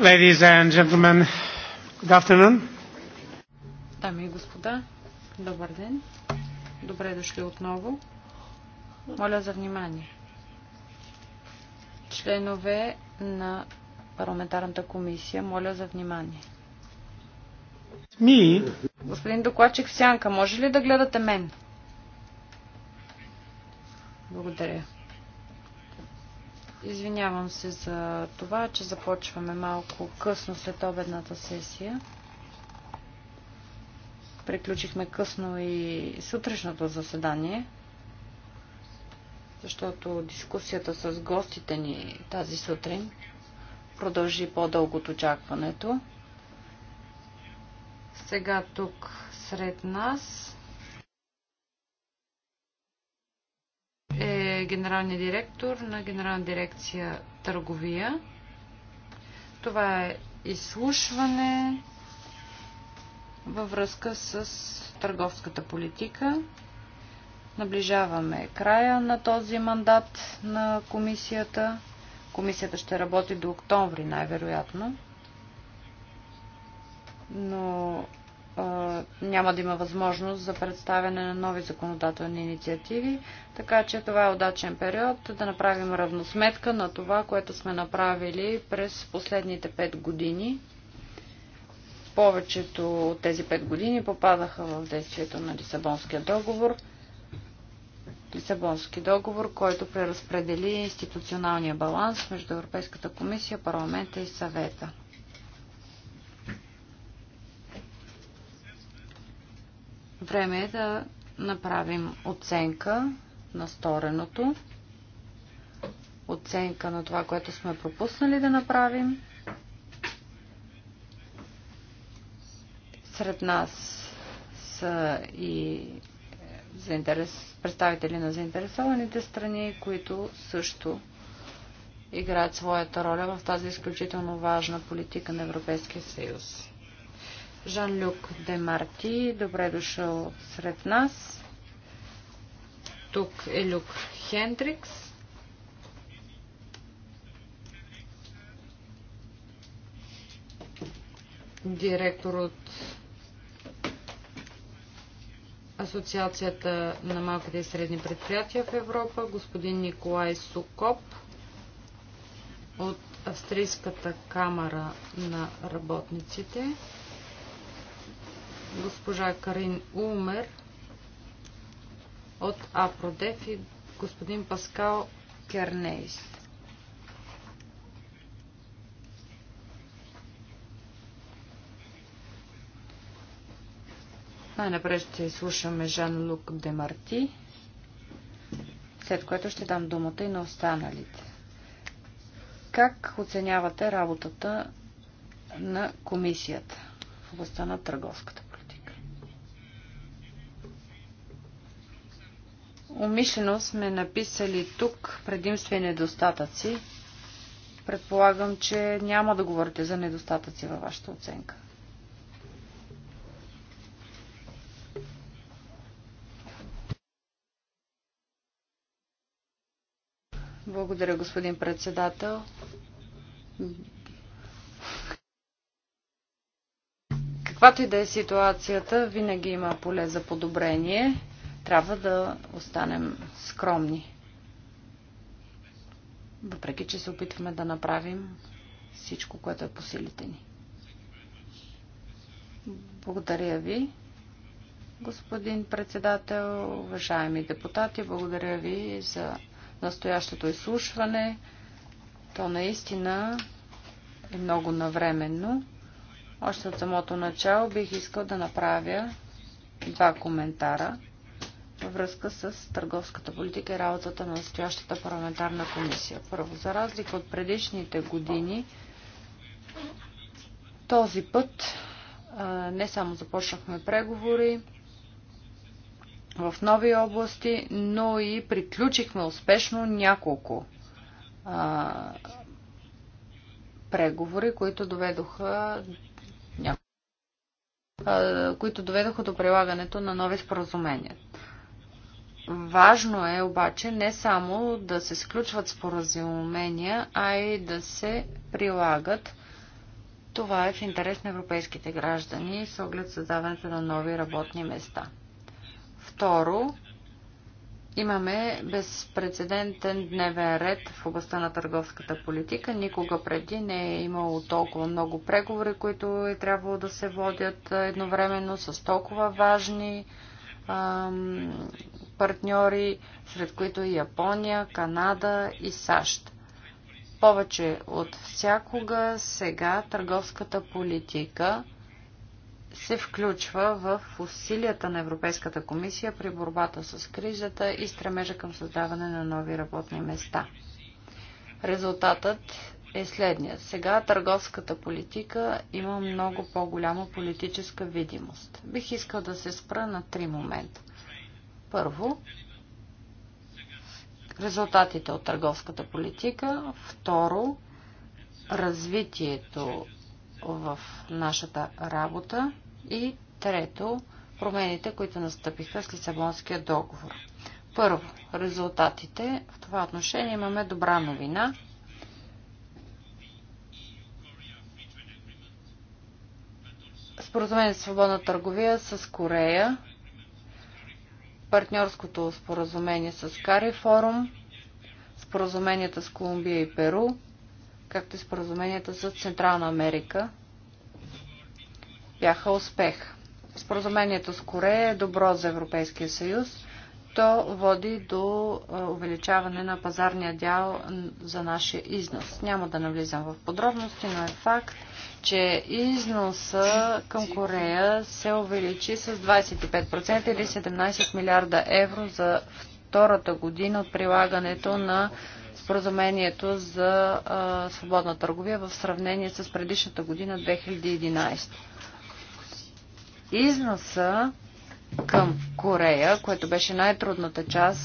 Ladies and gentlemen, good afternoon. Дами и господа, добър ден. Добре дошли отново. Моля за внимание. Членове на парламентарната комисия, моля за внимание. Ми? Господин докладчик в сянка, може ли да гледате мен? Благодаря. Извинявам се за това, че започваме малко късно след обедната сесия. Приключихме късно и сутрешното заседание, защото дискусията с гостите ни тази сутрин продължи по-дълго от очакването. Сега тук сред нас генералния директор на генерална дирекция Търговия. Това е изслушване във връзка с търговската политика. Наближаваме края на този мандат на комисията. Комисията ще работи до октомври, най-вероятно. Но няма да има възможност за представяне на нови законодателни инициативи, така че това е удачен период да направим равносметка на това, което сме направили през последните 5 години. Повечето от тези 5 години попадаха в действието на Лисабонския договор. Лисабонски договор, който преразпредели институционалния баланс между Европейската комисия, парламента и съвета. Време е да направим оценка на стореното, оценка на това, което сме пропуснали да направим. Сред нас са и представители на заинтересованите страни, които също играят своята роля в тази изключително важна политика на Европейския съюз. Жан-Люк Демарти, добре дошъл сред нас. Тук е Люк Хендрикс. Директор от Асоциацията на малките и средни предприятия в Европа, господин Николай Сукоп от Австрийската камара на работниците госпожа Карин Улмер от Апродеф и господин Паскал Кернейс. Най-напред ще изслушаме Жан-Лук Демарти, след което ще дам думата и на останалите. Как оценявате работата на комисията в областта на търговската Умишлено сме написали тук предимства и недостатъци. Предполагам, че няма да говорите за недостатъци във вашата оценка. Благодаря, господин председател. Каквато и да е ситуацията, винаги има поле за подобрение трябва да останем скромни. Въпреки, че се опитваме да направим всичко, което е по силите ни. Благодаря ви, господин председател, уважаеми депутати. Благодаря ви за настоящото изслушване. То наистина е много навременно. Още от самото начало бих искал да направя два коментара във връзка с търговската политика и работата на настоящата парламентарна комисия. Първо, за разлика от предишните години, този път не само започнахме преговори в нови области, но и приключихме успешно няколко преговори, които доведоха които доведоха до прилагането на нови споразумения. Важно е обаче не само да се сключват споразумения, а и да се прилагат. Това е в интерес на европейските граждани с оглед създаването на нови работни места. Второ, имаме безпредседентен дневен ред в областта на търговската политика. Никога преди не е имало толкова много преговори, които е трябвало да се водят едновременно с толкова важни ам, партньори, сред които и Япония, Канада и САЩ. Повече от всякога сега търговската политика се включва в усилията на Европейската комисия при борбата с кризата и стремежа към създаване на нови работни места. Резултатът е следния. Сега търговската политика има много по-голяма политическа видимост. Бих искал да се спра на три момента. Първо, резултатите от търговската политика. Второ, развитието в нашата работа. И трето, промените, които настъпиха с Лисабонския договор. Първо, резултатите. В това отношение имаме добра новина. Споразумение за свободна търговия с Корея партньорското споразумение с Кари Форум, споразуменията с Колумбия и Перу, както и споразуменията с Централна Америка бяха успех. Споразумението с Корея е добро за Европейския съюз, то води до увеличаване на пазарния дял за нашия износ. Няма да навлизам в подробности, но е факт, че износа към Корея се увеличи с 25% или 17 милиарда евро за втората година от прилагането на споразумението за а, свободна търговия в сравнение с предишната година 2011. Износа към Корея, което беше най-трудната част,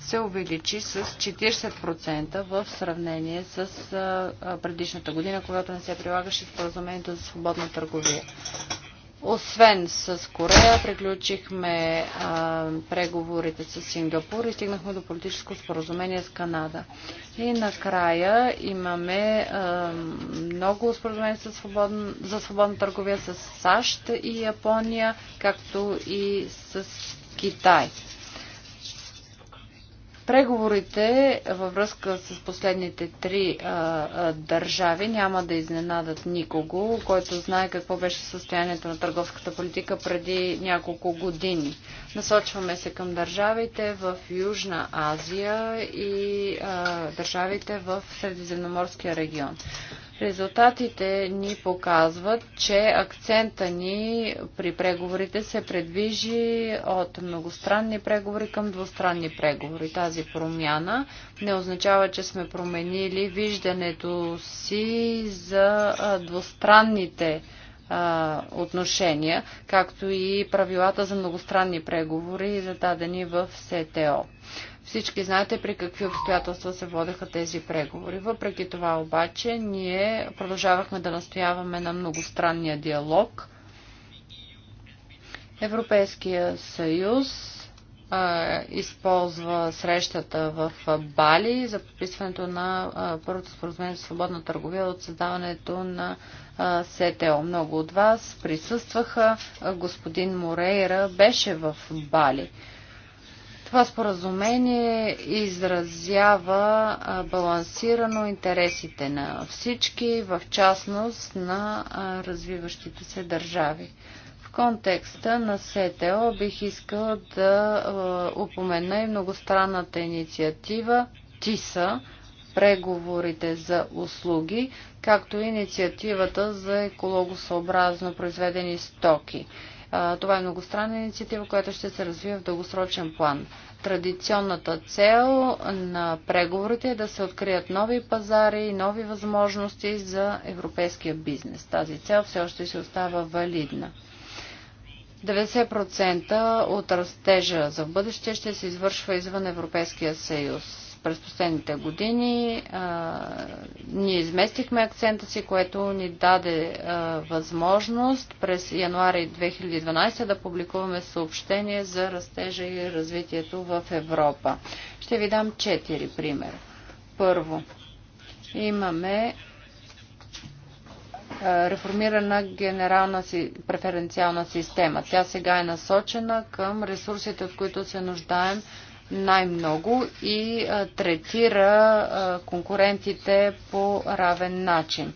се увеличи с 40% в сравнение с предишната година, когато не се прилагаше споразумението за свободна търговия. Освен с Корея, приключихме а, преговорите с Сингапур и стигнахме до политическо споразумение с Канада. И накрая имаме а, много споразумения свободн, за свободна търговия с САЩ и Япония, както и с Китай. Преговорите във връзка с последните три а, а, държави няма да изненадат никого, който знае какво беше състоянието на търговската политика преди няколко години. Насочваме се към държавите в Южна Азия и а, държавите в Средиземноморския регион. Резултатите ни показват, че акцента ни при преговорите се предвижи от многостранни преговори към двустранни преговори. Тази промяна не означава, че сме променили виждането си за двустранните преговори отношения, както и правилата за многостранни преговори, зададени в СТО. Всички знаете при какви обстоятелства се водеха тези преговори. Въпреки това обаче, ние продължавахме да настояваме на многостранния диалог. Европейския съюз използва срещата в Бали за подписването на първото споразумение за свободна търговия от създаването на СТО. Много от вас присъстваха. Господин Морейра беше в Бали. Това споразумение изразява балансирано интересите на всички, в частност на развиващите се държави контекста на СТО бих искала да упомена и многостранната инициатива ТИСА, преговорите за услуги, както и инициативата за екологосъобразно произведени стоки. Това е многостранна инициатива, която ще се развива в дългосрочен план. Традиционната цел на преговорите е да се открият нови пазари и нови възможности за европейския бизнес. Тази цел все още се остава валидна. 90% от растежа за бъдеще ще се извършва извън Европейския съюз. През последните години а, ние изместихме акцента си, което ни даде а, възможност през януари 2012 да публикуваме съобщение за растежа и развитието в Европа. Ще ви дам четири примера. Първо, имаме е, реформирана генерална си, преференциална система. Тя сега е насочена към ресурсите, от които се нуждаем най-много и е, третира е, конкурентите по равен начин.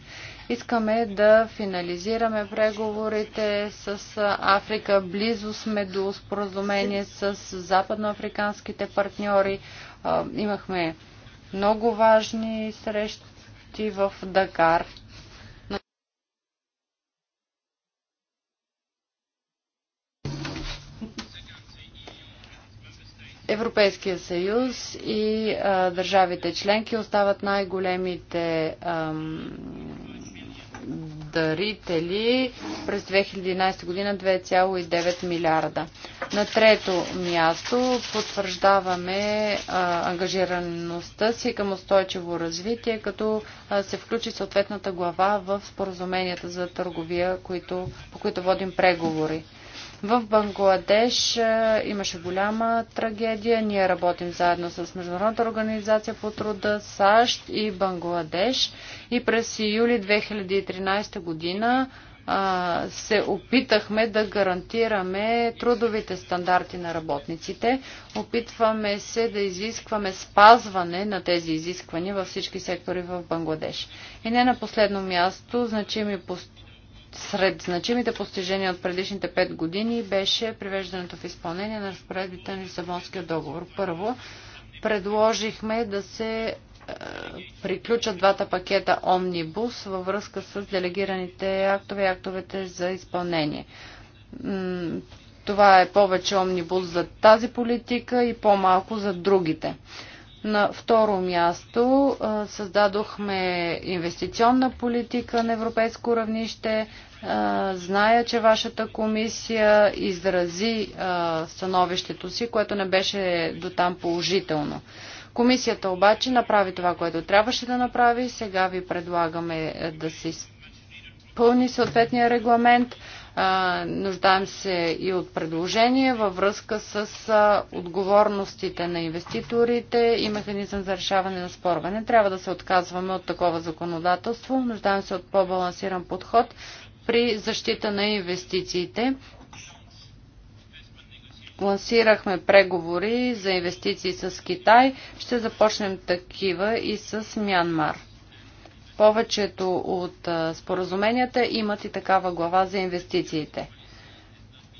Искаме да финализираме преговорите с Африка. Близо сме до споразумение с западноафриканските партньори. Имахме много важни срещи в Дакар Европейския съюз и а, държавите членки остават най-големите дарители през 2011 година 2,9 милиарда. На трето място потвърждаваме а, ангажираността си към устойчиво развитие, като а, се включи съответната глава в споразуменията за търговия, които, по които водим преговори. В Бангладеш е, имаше голяма трагедия. Ние работим заедно с Международната организация по труда, САЩ и Бангладеш. И през юли 2013 година е, се опитахме да гарантираме трудовите стандарти на работниците. Опитваме се да изискваме спазване на тези изисквания във всички сектори в Бангладеш. И не на последно място, значими постижения сред значимите постижения от предишните пет години беше привеждането в изпълнение на разпоредбите на Лисабонския договор. Първо, предложихме да се е, приключат двата пакета Омнибус във връзка с делегираните актове и актовете за изпълнение. Това е повече Омнибус за тази политика и по-малко за другите. На второ място е, създадохме инвестиционна политика на европейско равнище, Зная, че вашата комисия изрази становището си, което не беше до там положително. Комисията обаче направи това, което трябваше да направи. Сега ви предлагаме е, да се изпълни съответния регламент. Нуждаем се и от предложение във връзка с отговорностите на инвеститорите и механизъм за решаване на спорване. Трябва да се отказваме от такова законодателство. Нуждаем се от по-балансиран подход при защита на инвестициите. Лансирахме преговори за инвестиции с Китай. Ще започнем такива и с Мянмар. Повечето от споразуменията имат и такава глава за инвестициите.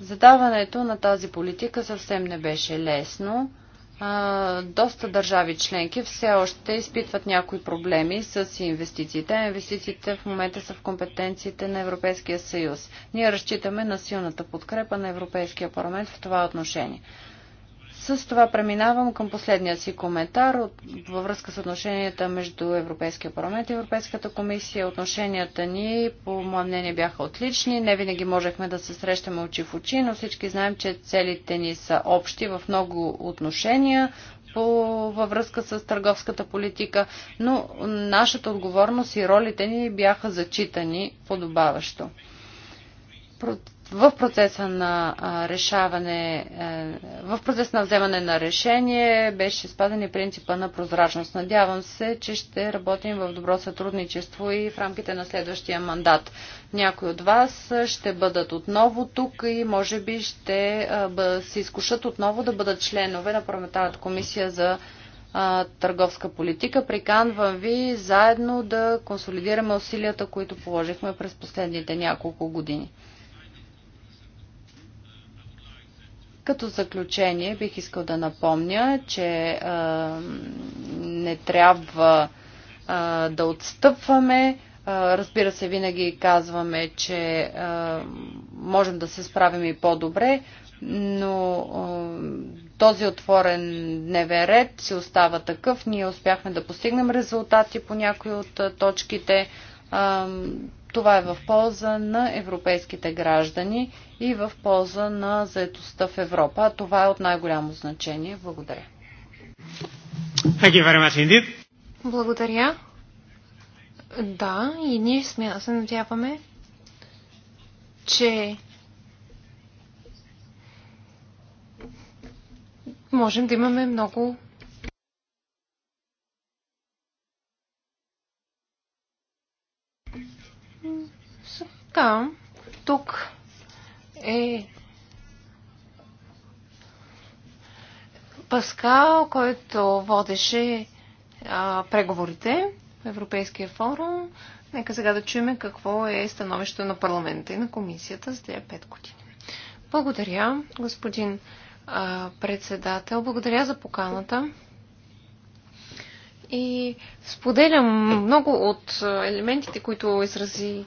Задаването на тази политика съвсем не беше лесно доста държави членки все още изпитват някои проблеми с инвестициите. Инвестициите в момента са в компетенциите на Европейския съюз. Ние разчитаме на силната подкрепа на Европейския парламент в това отношение. С това преминавам към последния си коментар от, във връзка с отношенията между Европейския парламент и Европейската комисия. Отношенията ни, по мое мнение, бяха отлични. Не винаги можехме да се срещаме очи в очи, но всички знаем, че целите ни са общи в много отношения по, във връзка с търговската политика, но нашата отговорност и ролите ни бяха зачитани подобаващо в процеса на решаване, е, в процес на вземане на решение беше спаден и принципа на прозрачност. Надявам се, че ще работим в добро сътрудничество и в рамките на следващия мандат. Някои от вас ще бъдат отново тук и може би ще се изкушат отново да бъдат членове на парламентарната комисия за търговска политика. Приканвам ви заедно да консолидираме усилията, които положихме през последните няколко години. Като заключение бих искал да напомня, че а, не трябва а, да отстъпваме. А, разбира се, винаги казваме, че а, можем да се справим и по-добре, но а, този отворен дневен ред си остава такъв. Ние успяхме да постигнем резултати по някои от а, точките. А, това е в полза на европейските граждани и в полза на заетостта в Европа. А това е от най-голямо значение. Благодаря. Благодаря. Да, и ние сме, се надяваме, че можем да имаме много Така, тук е Паскал, който водеше а, преговорите в Европейския форум. Нека сега да чуем какво е становището на парламента и на комисията за тези пет години. Благодаря, господин а, председател. Благодаря за поканата. И споделям много от елементите, които изрази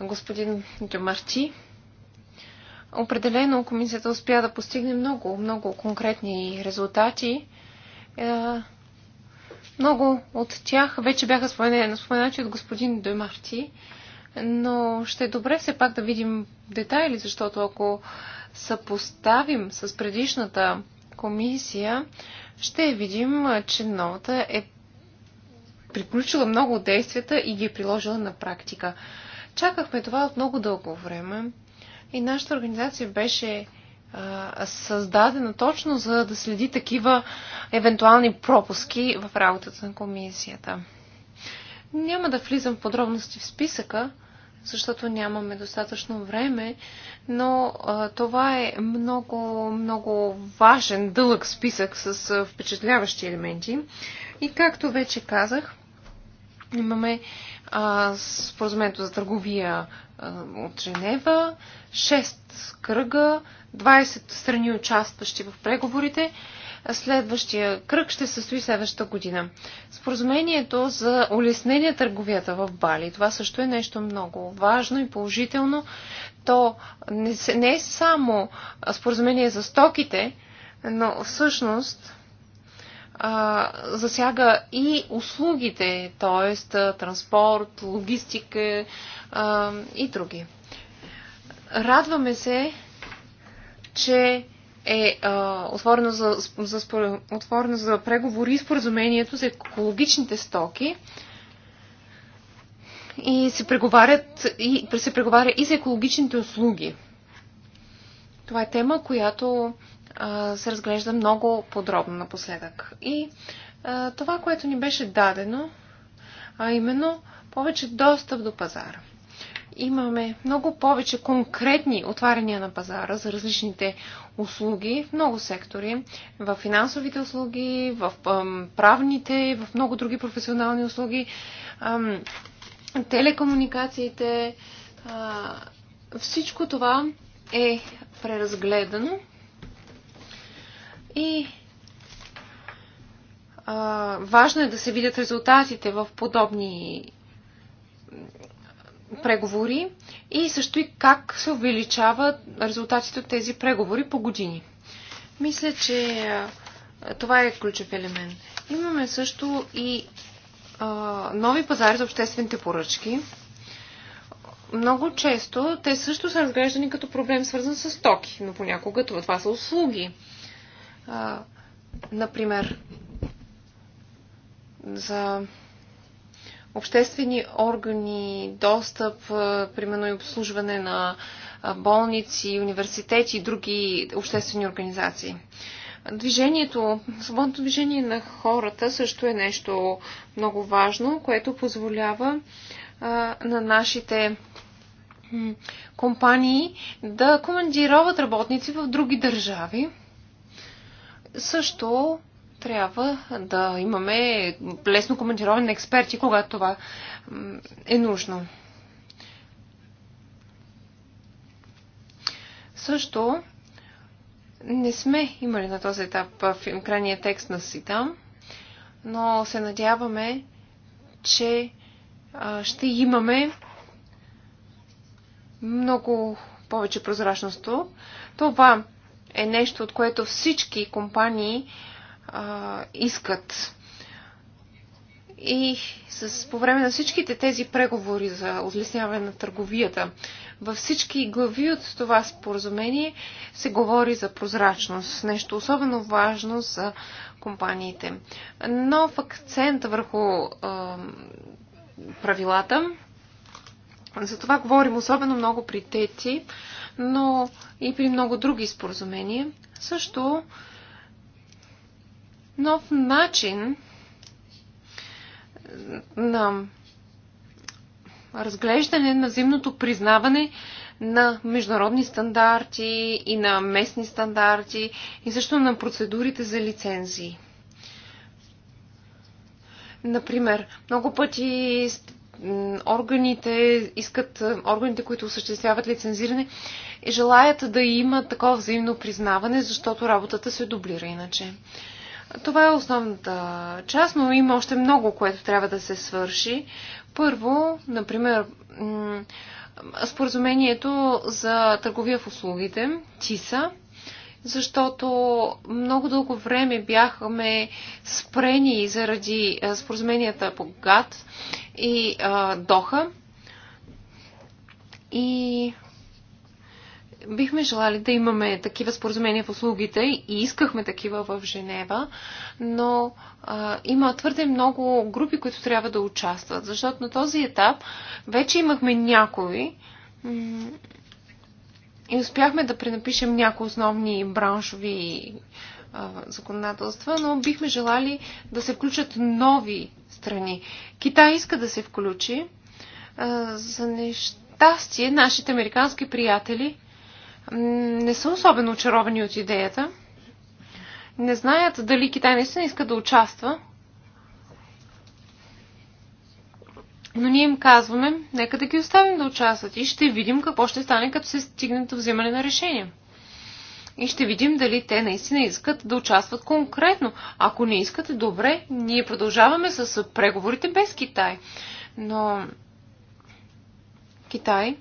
господин Демарти. Определено комисията успя да постигне много, много конкретни резултати. Е, много от тях вече бяха споменати от господин Демарти, но ще е добре все пак да видим детайли, защото ако съпоставим с предишната комисия, ще видим, че новата е приключила много от действията и ги е приложила на практика. Чакахме това от много дълго време и нашата организация беше а, създадена точно за да следи такива евентуални пропуски в работата на комисията. Няма да влизам в подробности в списъка, защото нямаме достатъчно време, но а, това е много, много важен, дълъг списък с а, впечатляващи елементи. И както вече казах, имаме споразумението за търговия от Женева, 6 кръга, 20 страни участващи в преговорите. Следващия кръг ще състои следващата година. Споразумението за улеснение търговията в Бали. Това също е нещо много важно и положително. То не е само споразумение за стоките, но всъщност а, засяга и услугите, т.е. транспорт, логистика а, и други. Радваме се, че е а, отворено, за, за, отворено за преговори и споразумението за екологичните стоки и се, преговарят, и се преговаря и за екологичните услуги. Това е тема, която се разглежда много подробно напоследък. И това, което ни беше дадено, а именно повече достъп до пазара. Имаме много повече конкретни отваряния на пазара за различните услуги в много сектори, в финансовите услуги, в правните, в много други професионални услуги, телекомуникациите. Всичко това е преразгледано и а, важно е да се видят резултатите в подобни преговори и също и как се увеличават резултатите от тези преговори по години. Мисля, че това е ключов елемент. Имаме също и а, нови пазари за обществените поръчки. Много често те също са разглеждани като проблем свързан с токи, но понякога това, това са услуги а, например, за обществени органи, достъп, примерно и обслужване на болници, университети и други обществени организации. Движението, свободното движение на хората също е нещо много важно, което позволява а, на нашите компании да командироват работници в други държави, също трябва да имаме лесно командировани експерти, когато това е нужно. Също не сме имали на този етап в крайния текст на СИТАМ, но се надяваме, че ще имаме много повече прозрачност. Това е нещо, от което всички компании а, искат. И с, по време на всичките тези преговори за улесняване на търговията, във всички глави от това споразумение се говори за прозрачност, нещо особено важно за компаниите. Нов акцент върху а, правилата за това говорим особено много при тети, но и при много други споразумения. Също нов начин на разглеждане на зимното признаване на международни стандарти и на местни стандарти и също на процедурите за лицензии. Например, много пъти органите искат, органите, които осъществяват лицензиране, желаят да има такова взаимно признаване, защото работата се дублира иначе. Това е основната част, но има още много, което трябва да се свърши. Първо, например, споразумението за търговия в услугите, ТИСА, защото много дълго време бяхме спрени заради споразуменията по ГАД и а, Доха. И бихме желали да имаме такива споразумения в услугите и искахме такива в Женева, но а, има твърде много групи, които трябва да участват, защото на този етап вече имахме някои и успяхме да пренапишем някои основни браншови законодателства, но бихме желали да се включат нови страни. Китай иска да се включи. за нещастие, нашите американски приятели не са особено очаровани от идеята. Не знаят дали Китай наистина иска да участва Но ние им казваме, нека да ги оставим да участват и ще видим какво ще стане, като се стигне до взимане на решение. И ще видим дали те наистина искат да участват конкретно. Ако не искате, добре, ние продължаваме с преговорите без Китай. Но Китай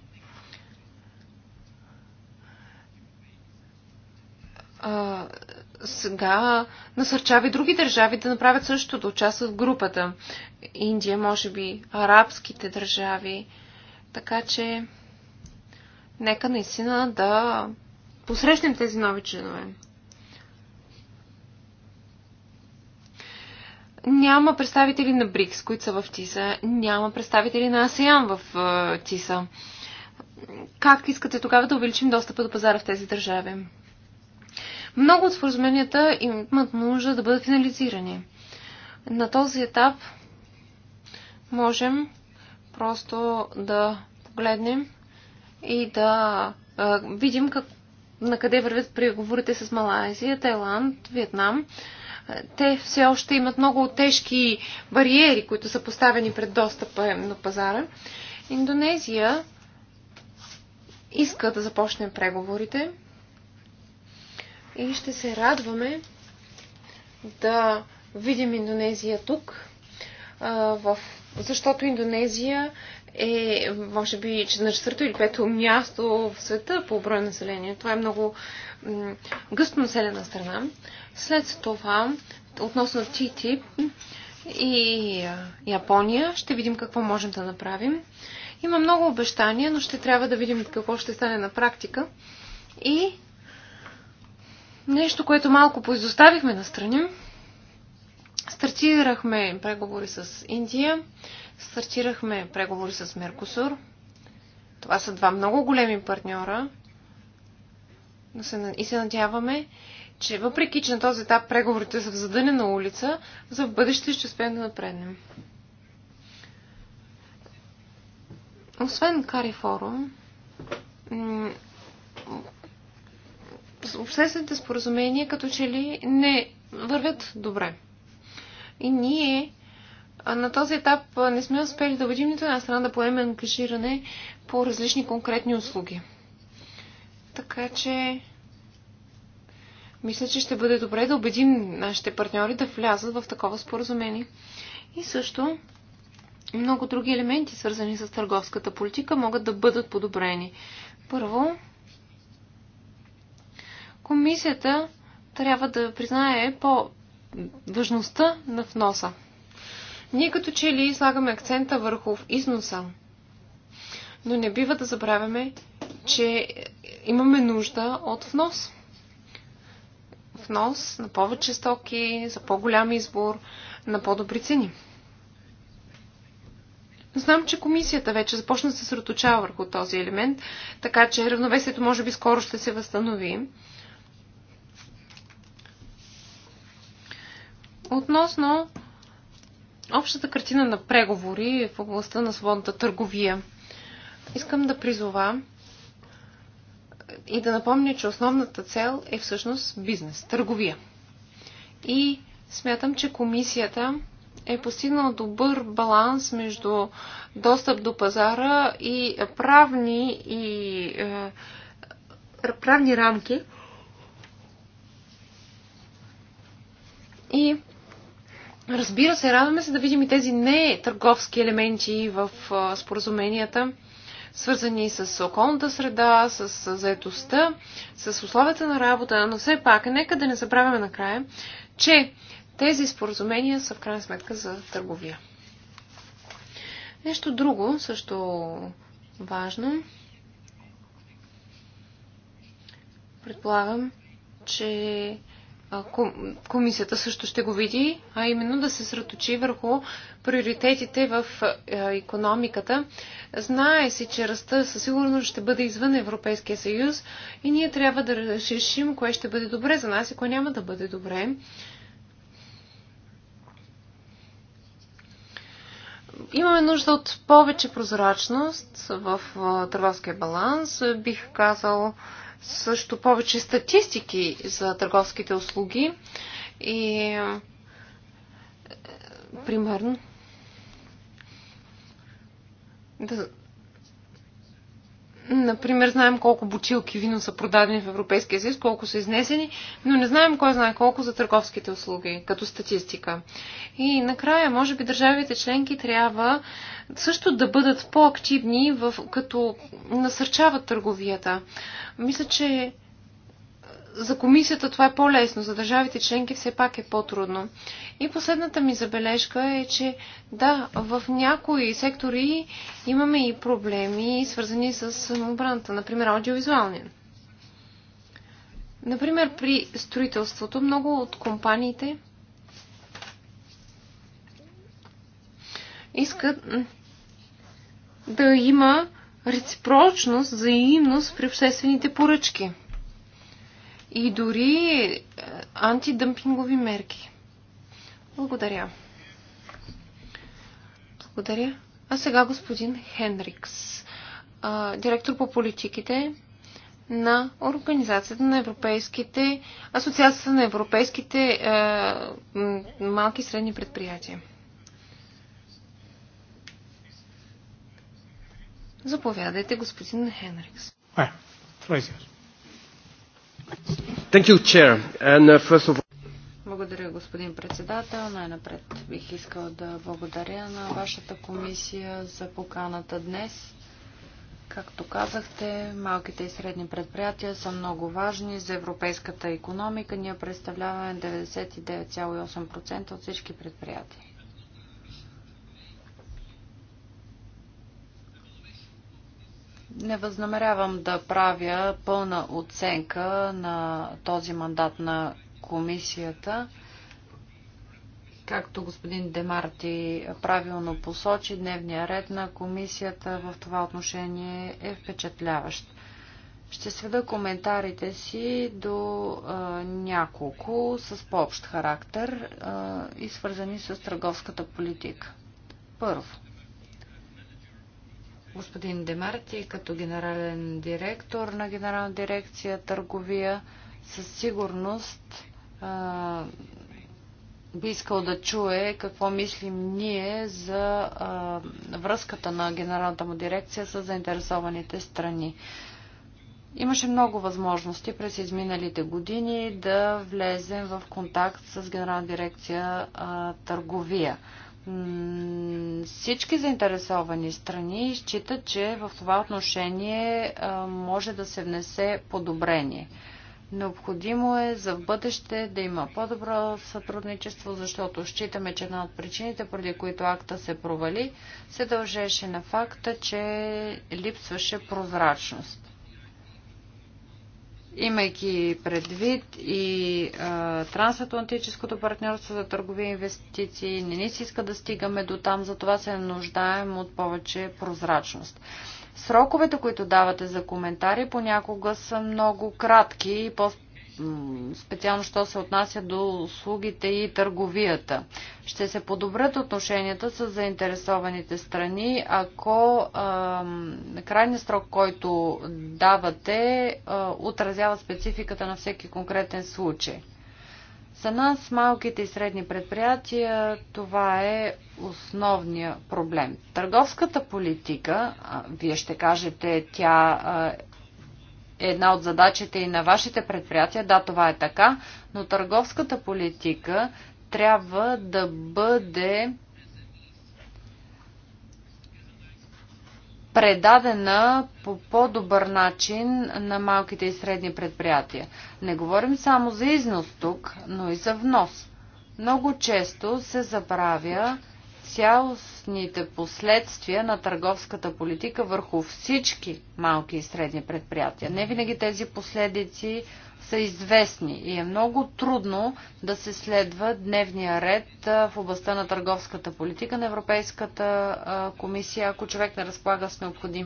а, сега насърчава и други държави да направят същото, да участват в групата. Индия, може би арабските държави. Така че, нека наистина да посрещнем тези нови членове. Няма представители на БРИКС, които са в ТИСА. Няма представители на АСЕАН в е, ТИСА. Как искате тогава да увеличим достъпа до пазара в тези държави? Много от споразуменията имат нужда да бъдат финализирани. На този етап можем просто да погледнем и да а, видим как, на къде вървят преговорите с Малайзия, Тайланд, Виетнам. Те все още имат много тежки бариери, които са поставени пред достъпа на пазара. Индонезия иска да започнем преговорите и ще се радваме да видим Индонезия тук в защото Индонезия е, може би, на четвърто или пето място в света по брой население. Това е много гъсто населена страна. След това, относно ТТИП и Япония, ще видим какво можем да направим. Има много обещания, но ще трябва да видим какво ще стане на практика. И нещо, което малко поизоставихме на страни, Стартирахме преговори с Индия, стартирахме преговори с Меркосур. Това са два много големи партньора и се надяваме, че въпреки, че на този етап преговорите са в задънена улица, за в бъдеще ще успеем да напреднем. Освен Кари Форум, обществените споразумения като че ли не вървят добре. И ние на този етап не сме успели да убедим нито една страна да поеме ангажиране по различни конкретни услуги. Така че мисля, че ще бъде добре да убедим нашите партньори да влязат в такова споразумение. И също много други елементи, свързани с търговската политика, могат да бъдат подобрени. Първо, комисията трябва да признае по важността на вноса. Ние като че ли слагаме акцента върху износа, но не бива да забравяме, че имаме нужда от внос. Внос на повече стоки, за по-голям избор, на по-добри цени. Знам, че комисията вече започна да се съсредоточава върху този елемент, така че равновесието може би скоро ще се възстанови. Относно общата картина на преговори в областта на свободната търговия, искам да призова и да напомня, че основната цел е всъщност бизнес, търговия. И смятам, че комисията е постигнала добър баланс между достъп до пазара и правни и е, правни рамки. И Разбира се, радваме се да видим и тези не търговски елементи в споразуменията, свързани с околната среда, с заетостта, с условията на работа, но все пак, нека да не забравяме накрая, че тези споразумения са в крайна сметка за търговия. Нещо друго, също важно. Предполагам, че комисията също ще го види, а именно да се сръточи върху приоритетите в економиката. Знае се, че ръста със сигурност ще бъде извън Европейския съюз и ние трябва да решим кое ще бъде добре за нас и кое няма да бъде добре. Имаме нужда от повече прозрачност в търговския баланс. Бих казал, също повече статистики за търговските услуги и е, примерно да Например, знаем колко бутилки вино са продадени в Европейския съюз, колко са изнесени, но не знаем кой знае колко за търговските услуги, като статистика. И накрая, може би държавите членки трябва също да бъдат по-активни, в, като насърчават търговията. Мисля, че за комисията това е по-лесно, за държавите членки все пак е по-трудно. И последната ми забележка е, че да, в някои сектори имаме и проблеми, свързани с отбраната, например аудиовизуалния. Например, при строителството много от компаниите искат да има реципрочност, взаимност при обществените поръчки – и дори е, антидъмпингови мерки. Благодаря. Благодаря. А сега господин Хенрикс, директор по политиките на Организацията на европейските, Асоциацията на европейските е, малки и средни предприятия. Заповядайте, господин Хенрикс. Е, това е Uh, благодаря, господин председател. Най-напред бих искал да благодаря на вашата комисия за поканата днес. Както казахте, малките и средни предприятия са много важни за европейската економика. Ние представляваме 99,8% от всички предприятия. Не възнамерявам да правя пълна оценка на този мандат на комисията. Както господин Демарти правилно посочи, дневния ред на комисията в това отношение е впечатляващ. Ще сведа коментарите си до а, няколко с по-общ характер а, и свързани с търговската политика. Първо, господин Демарти като генерален директор на Генерална дирекция търговия със сигурност а, би искал да чуе какво мислим ние за а, връзката на Генералната му дирекция с заинтересованите страни. Имаше много възможности през изминалите години да влезем в контакт с Генерална дирекция а, търговия. Всички заинтересовани страни считат, че в това отношение може да се внесе подобрение. Необходимо е за в бъдеще да има по-добро сътрудничество, защото считаме, че една от причините, преди които акта се провали, се дължеше на факта, че липсваше прозрачност имайки предвид и а, трансатлантическото партньорство за търговия и инвестиции, не ни се иска да стигаме до там, затова се нуждаем от повече прозрачност. Сроковете, които давате за коментари, понякога са много кратки и по специално що се отнася до услугите и търговията. Ще се подобрят отношенията с заинтересованите страни, ако крайният срок, който давате, отразява спецификата на всеки конкретен случай. За нас, малките и средни предприятия, това е основния проблем. Търговската политика, вие ще кажете, тя е една от задачите и на вашите предприятия. Да, това е така, но търговската политика трябва да бъде предадена по по-добър начин на малките и средни предприятия. Не говорим само за износ тук, но и за внос. Много често се забравя, цялостните последствия на търговската политика върху всички малки и средни предприятия. Не винаги тези последици са известни и е много трудно да се следва дневния ред в областта на търговската политика на Европейската комисия, ако човек не разполага с необходим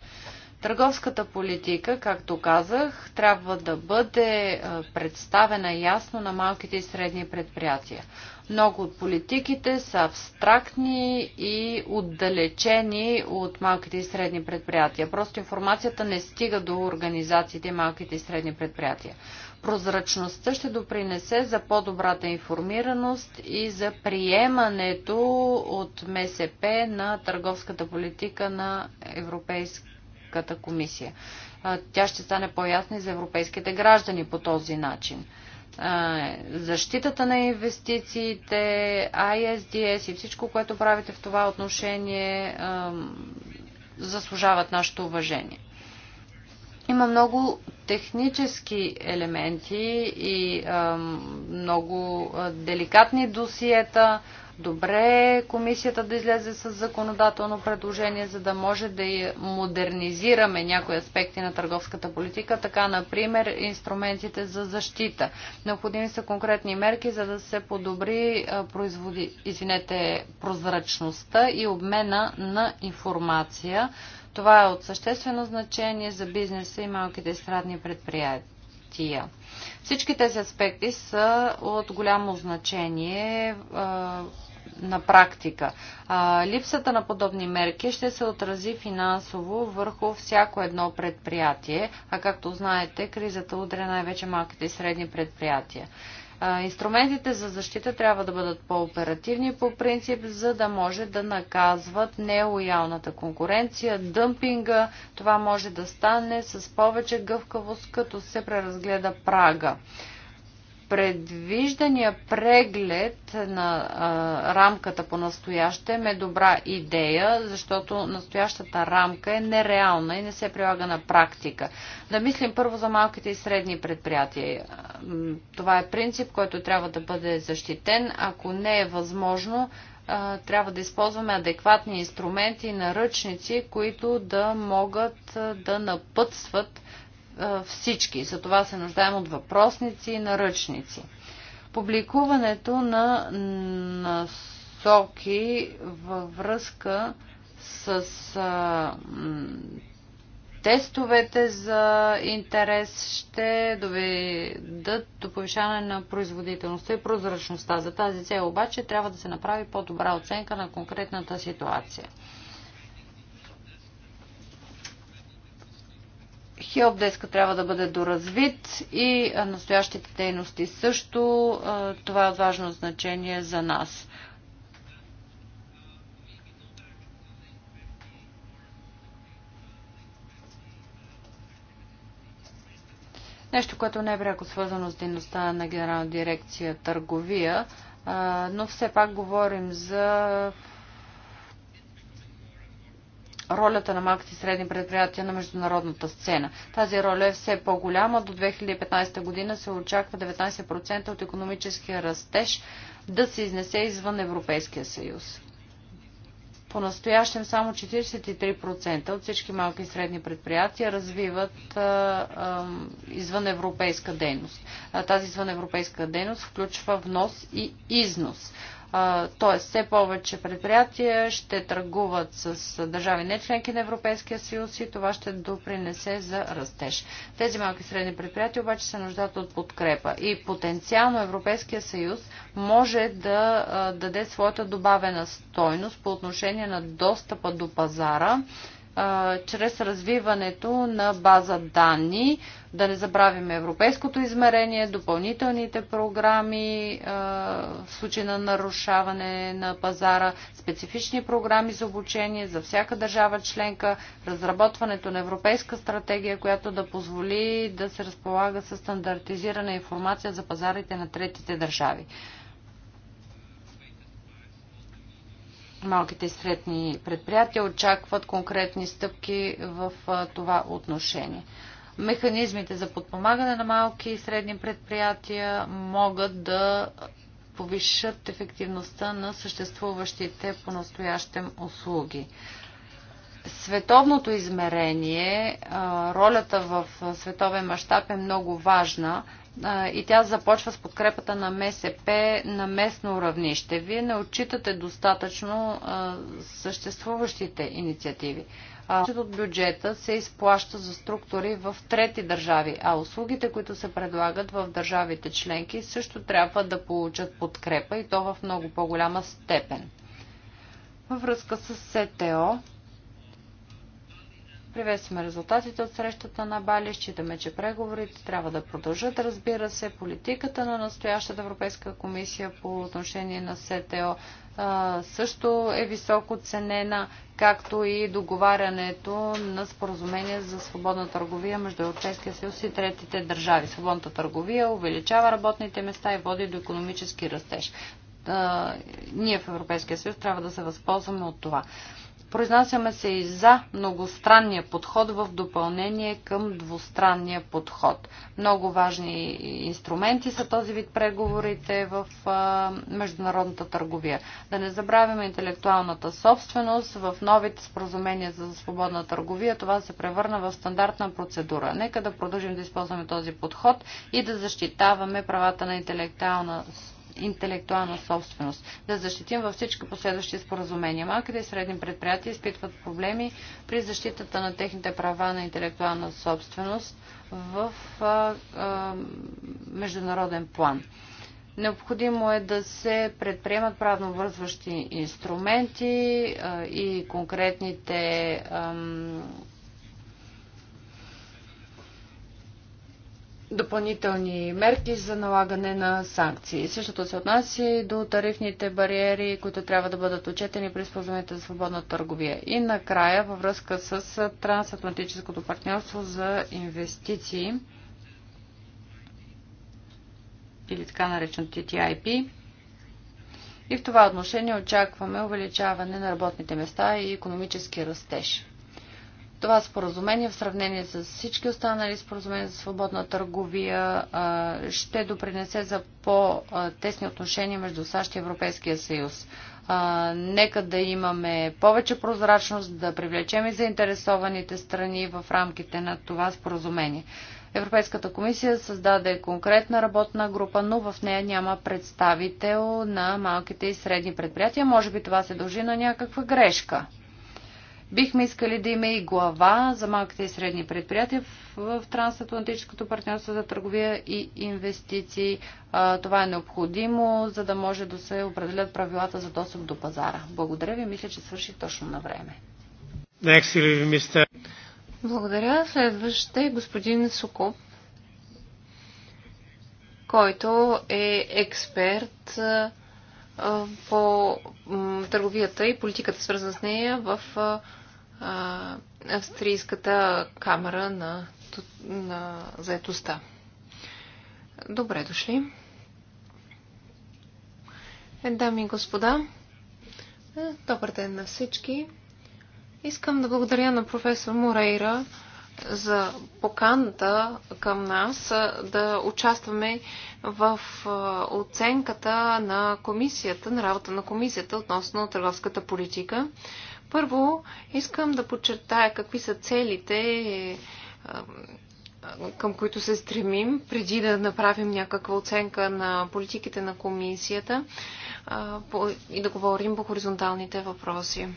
Търговската политика, както казах, трябва да бъде е, представена ясно на малките и средни предприятия. Много от политиките са абстрактни и отдалечени от малките и средни предприятия. Просто информацията не стига до организациите малките и средни предприятия. Прозрачността ще допринесе за по-добрата информираност и за приемането от МСП на търговската политика на европейски Европейската комисия. Тя ще стане по-ясна и за европейските граждани по този начин. Защитата на инвестициите, ISDS и всичко, което правите в това отношение, заслужават нашето уважение. Има много технически елементи и много деликатни досиета, Добре комисията да излезе с законодателно предложение, за да може да модернизираме някои аспекти на търговската политика, така например инструментите за защита. Необходими са конкретни мерки, за да се подобри производи... извинете, прозрачността и обмена на информация. Това е от съществено значение за бизнеса и малките и средни предприятия хартия. Всички тези аспекти са от голямо значение на практика. А, липсата на подобни мерки ще се отрази финансово върху всяко едно предприятие, а както знаете, кризата удря най-вече малките и средни предприятия. Инструментите за защита трябва да бъдат по-оперативни по принцип, за да може да наказват нелоялната конкуренция, дъмпинга. Това може да стане с повече гъвкавост, като се преразгледа прага. Предвиждания преглед на а, рамката по настоящем е добра идея, защото настоящата рамка е нереална и не се прилага на практика. Да мислим първо за малките и средни предприятия. Това е принцип, който трябва да бъде защитен. Ако не е възможно, а, трябва да използваме адекватни инструменти и наръчници, които да могат да напътстват всички. За това се нуждаем от въпросници и наръчници. Публикуването на насоки във връзка с а, тестовете за интерес ще доведат до повишаване на производителността и прозрачността. За тази цел обаче трябва да се направи по-добра оценка на конкретната ситуация. Хелпдеска трябва да бъде доразвит и настоящите дейности също. Това е важно значение за нас. Нещо, което не е пряко свързано с дейността на Генерална дирекция търговия, но все пак говорим за ролята на малките и средни предприятия на международната сцена. Тази роля е все по-голяма. До 2015 година се очаква 19% от економическия растеж да се изнесе извън Европейския съюз. По-настоящем само 43% от всички малки и средни предприятия развиват а, а, извъневропейска дейност. А, тази извъневропейска дейност включва внос и износ. Т.е. все повече предприятия ще търгуват с държави не членки на Европейския съюз и това ще допринесе за растеж. Тези малки и средни предприятия обаче се нуждат от подкрепа и потенциално Европейския съюз може да даде своята добавена стойност по отношение на достъпа до пазара, чрез развиването на база данни. Да не забравим европейското измерение, допълнителните програми в случай на нарушаване на пазара, специфични програми за обучение за всяка държава членка, разработването на европейска стратегия, която да позволи да се разполага с стандартизирана информация за пазарите на третите държави. малките и средни предприятия очакват конкретни стъпки в това отношение. Механизмите за подпомагане на малки и средни предприятия могат да повишат ефективността на съществуващите по-настоящем услуги. Световното измерение, ролята в световен мащаб е много важна, и тя започва с подкрепата на МСП на местно равнище. Вие не отчитате достатъчно съществуващите инициативи. От бюджета се изплаща за структури в трети държави, а услугите, които се предлагат в държавите членки, също трябва да получат подкрепа и то в много по-голяма степен. Във връзка с СТО, Приветстваме резултатите от срещата на Бали. Считаме, че преговорите трябва да продължат. Разбира се, политиката на настоящата Европейска комисия по отношение на СТО също е високо ценена, както и договарянето на споразумение за свободна търговия между Европейския съюз и третите държави. Свободната търговия увеличава работните места и води до економически растеж. Ние в Европейския съюз трябва да се възползваме от това. Произнасяме се и за многостранния подход в допълнение към двустранния подход. Много важни инструменти са този вид преговорите в международната търговия. Да не забравяме интелектуалната собственост. В новите споразумения за свободна търговия това се превърна в стандартна процедура. Нека да продължим да използваме този подход и да защитаваме правата на интелектуална собственост интелектуална собственост. Да защитим във всички последващи споразумения. Малките и средни предприятия изпитват проблеми при защитата на техните права на интелектуална собственост в а, а, международен план. Необходимо е да се предприемат правно вързващи инструменти а, и конкретните. А, допълнителни мерки за налагане на санкции. Същото се отнася и до тарифните бариери, които трябва да бъдат отчетени при споразумението за свободна търговия. И накрая, във връзка с трансатлантическото партньорство за инвестиции или така наречено TTIP, и в това отношение очакваме увеличаване на работните места и економически растеж това споразумение в сравнение с всички останали споразумения за свободна търговия ще допринесе за по-тесни отношения между САЩ и Европейския съюз. Нека да имаме повече прозрачност, да привлечем и заинтересованите страни в рамките на това споразумение. Европейската комисия създаде конкретна работна група, но в нея няма представител на малките и средни предприятия. Може би това се дължи на някаква грешка. Бихме искали да има и глава за малките и средни предприятия в трансатлантическото партньорство за търговия и инвестиции. Това е необходимо, за да може да се определят правилата за достъп до пазара. Благодаря ви, мисля, че свърши точно на време. Благодаря. Следващ е господин Сокоп, който е експерт по търговията и политиката свързана с нея в а, Австрийската камера на, на заетостта. Добре дошли. Е, дами и господа, е, добър ден на всички. Искам да благодаря на професор Морейра за поканата към нас е, да участваме в е, оценката на комисията, на работа на комисията относно търговската политика. Първо, искам да подчертая какви са целите, към които се стремим, преди да направим някаква оценка на политиките на комисията и да говорим по хоризонталните въпроси.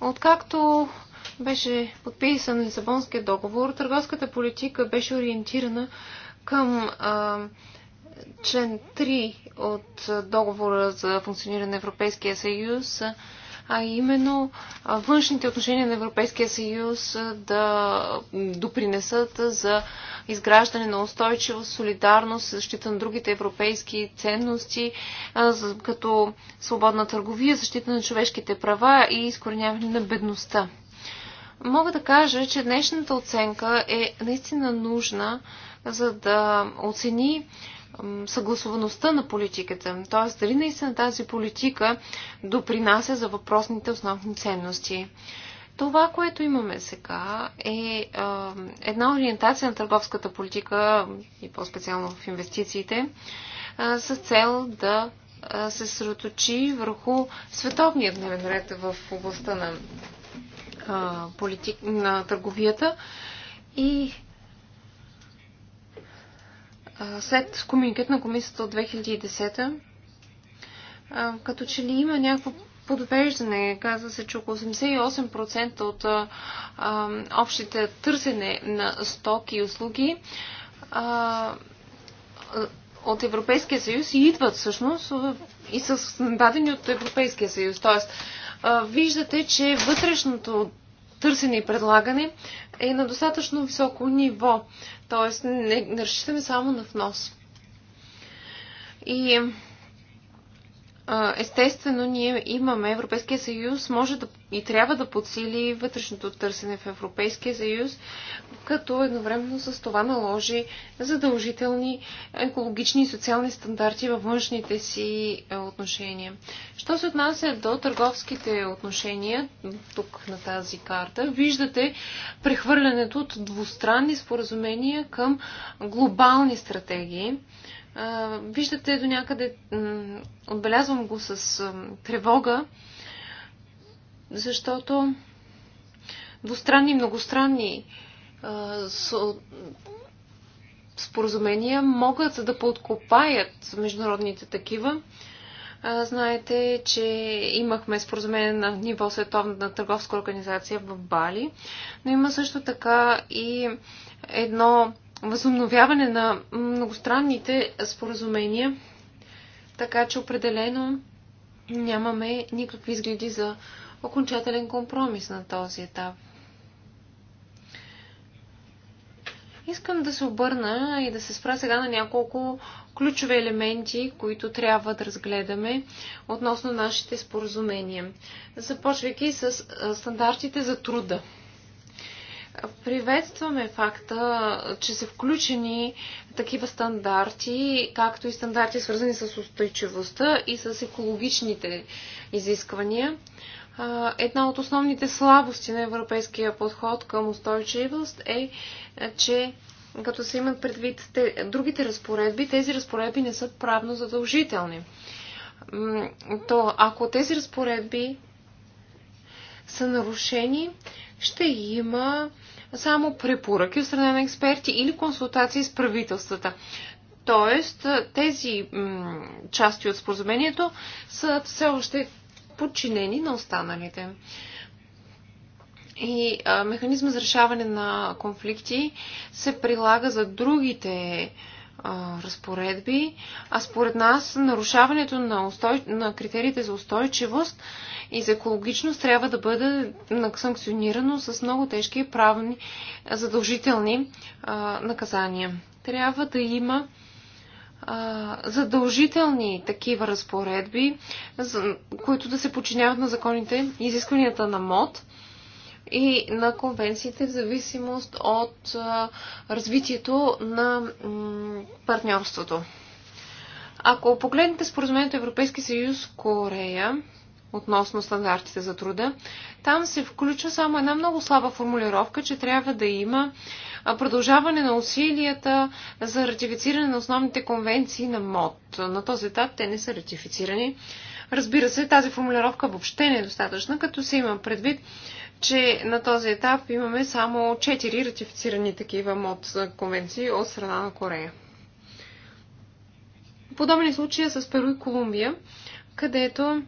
Откакто беше подписан Лисабонския договор, търговската политика беше ориентирана към член 3 от договора за функциониране на Европейския съюз, а именно външните отношения на Европейския съюз да допринесат за изграждане на устойчивост, солидарност, защита на другите европейски ценности, като свободна търговия, защита на човешките права и изкореняване на бедността. Мога да кажа, че днешната оценка е наистина нужна, за да оцени съгласуваността на политиката. Т.е. дали наистина тази политика допринася за въпросните основни ценности. Това, което имаме сега, е една ориентация на търговската политика и по-специално в инвестициите с цел да се сроточи върху световния дневен ред в областта на, политик, на търговията и след комуникет на комисията от 2010, като че ли има някакво подвеждане. Казва се, че около 88% от а, общите търсене на стоки и услуги а, от Европейския съюз и идват всъщност и са дадени от Европейския съюз. Тоест, а, виждате, че вътрешното търсене и предлагане е на достатъчно високо ниво. т.е. не, не разчитаме само на внос. И естествено ние имаме, Европейския съюз може да и трябва да подсили вътрешното търсене в Европейския съюз, като едновременно с това наложи задължителни екологични и социални стандарти във външните си е, отношения. Що се отнася до търговските отношения, тук на тази карта, виждате прехвърлянето от двустранни споразумения към глобални стратегии. Е, виждате до някъде, отбелязвам го с тревога, защото двустранни, многостранни споразумения могат да подкопаят международните такива. Знаете, че имахме споразумение на ниво Световната търговска организация в Бали, но има също така и едно възобновяване на многостранните споразумения, така че определено нямаме никакви изгледи за окончателен компромис на този етап. Искам да се обърна и да се спра сега на няколко ключови елементи, които трябва да разгледаме относно нашите споразумения. Започвайки с стандартите за труда. Приветстваме факта, че са включени такива стандарти, както и стандарти свързани с устойчивостта и с екологичните изисквания една от основните слабости на европейския подход към устойчивост е, че като се имат предвид те, другите разпоредби, тези разпоредби не са правно задължителни. То ако тези разпоредби са нарушени, ще има само препоръки от страна на експерти или консултации с правителствата. Тоест, тези части от споразумението са все още подчинени на останалите. И а, механизма за решаване на конфликти се прилага за другите а, разпоредби, а според нас нарушаването на, устой... на критериите за устойчивост и за екологичност трябва да бъде санкционирано с много тежки правни задължителни а, наказания. Трябва да има задължителни такива разпоредби, които да се подчиняват на законите изискванията на МОД и на конвенциите в зависимост от развитието на партньорството. Ако погледнете споразумението Европейски съюз Корея относно стандартите за труда, там се включва само една много слаба формулировка, че трябва да има продължаване на усилията за ратифициране на основните конвенции на МОД. На този етап те не са ратифицирани. Разбира се, тази формулировка въобще не е достатъчна, като се има предвид, че на този етап имаме само 4 ратифицирани такива МОД конвенции от страна на Корея. Подобен случаи с Перу и Колумбия, където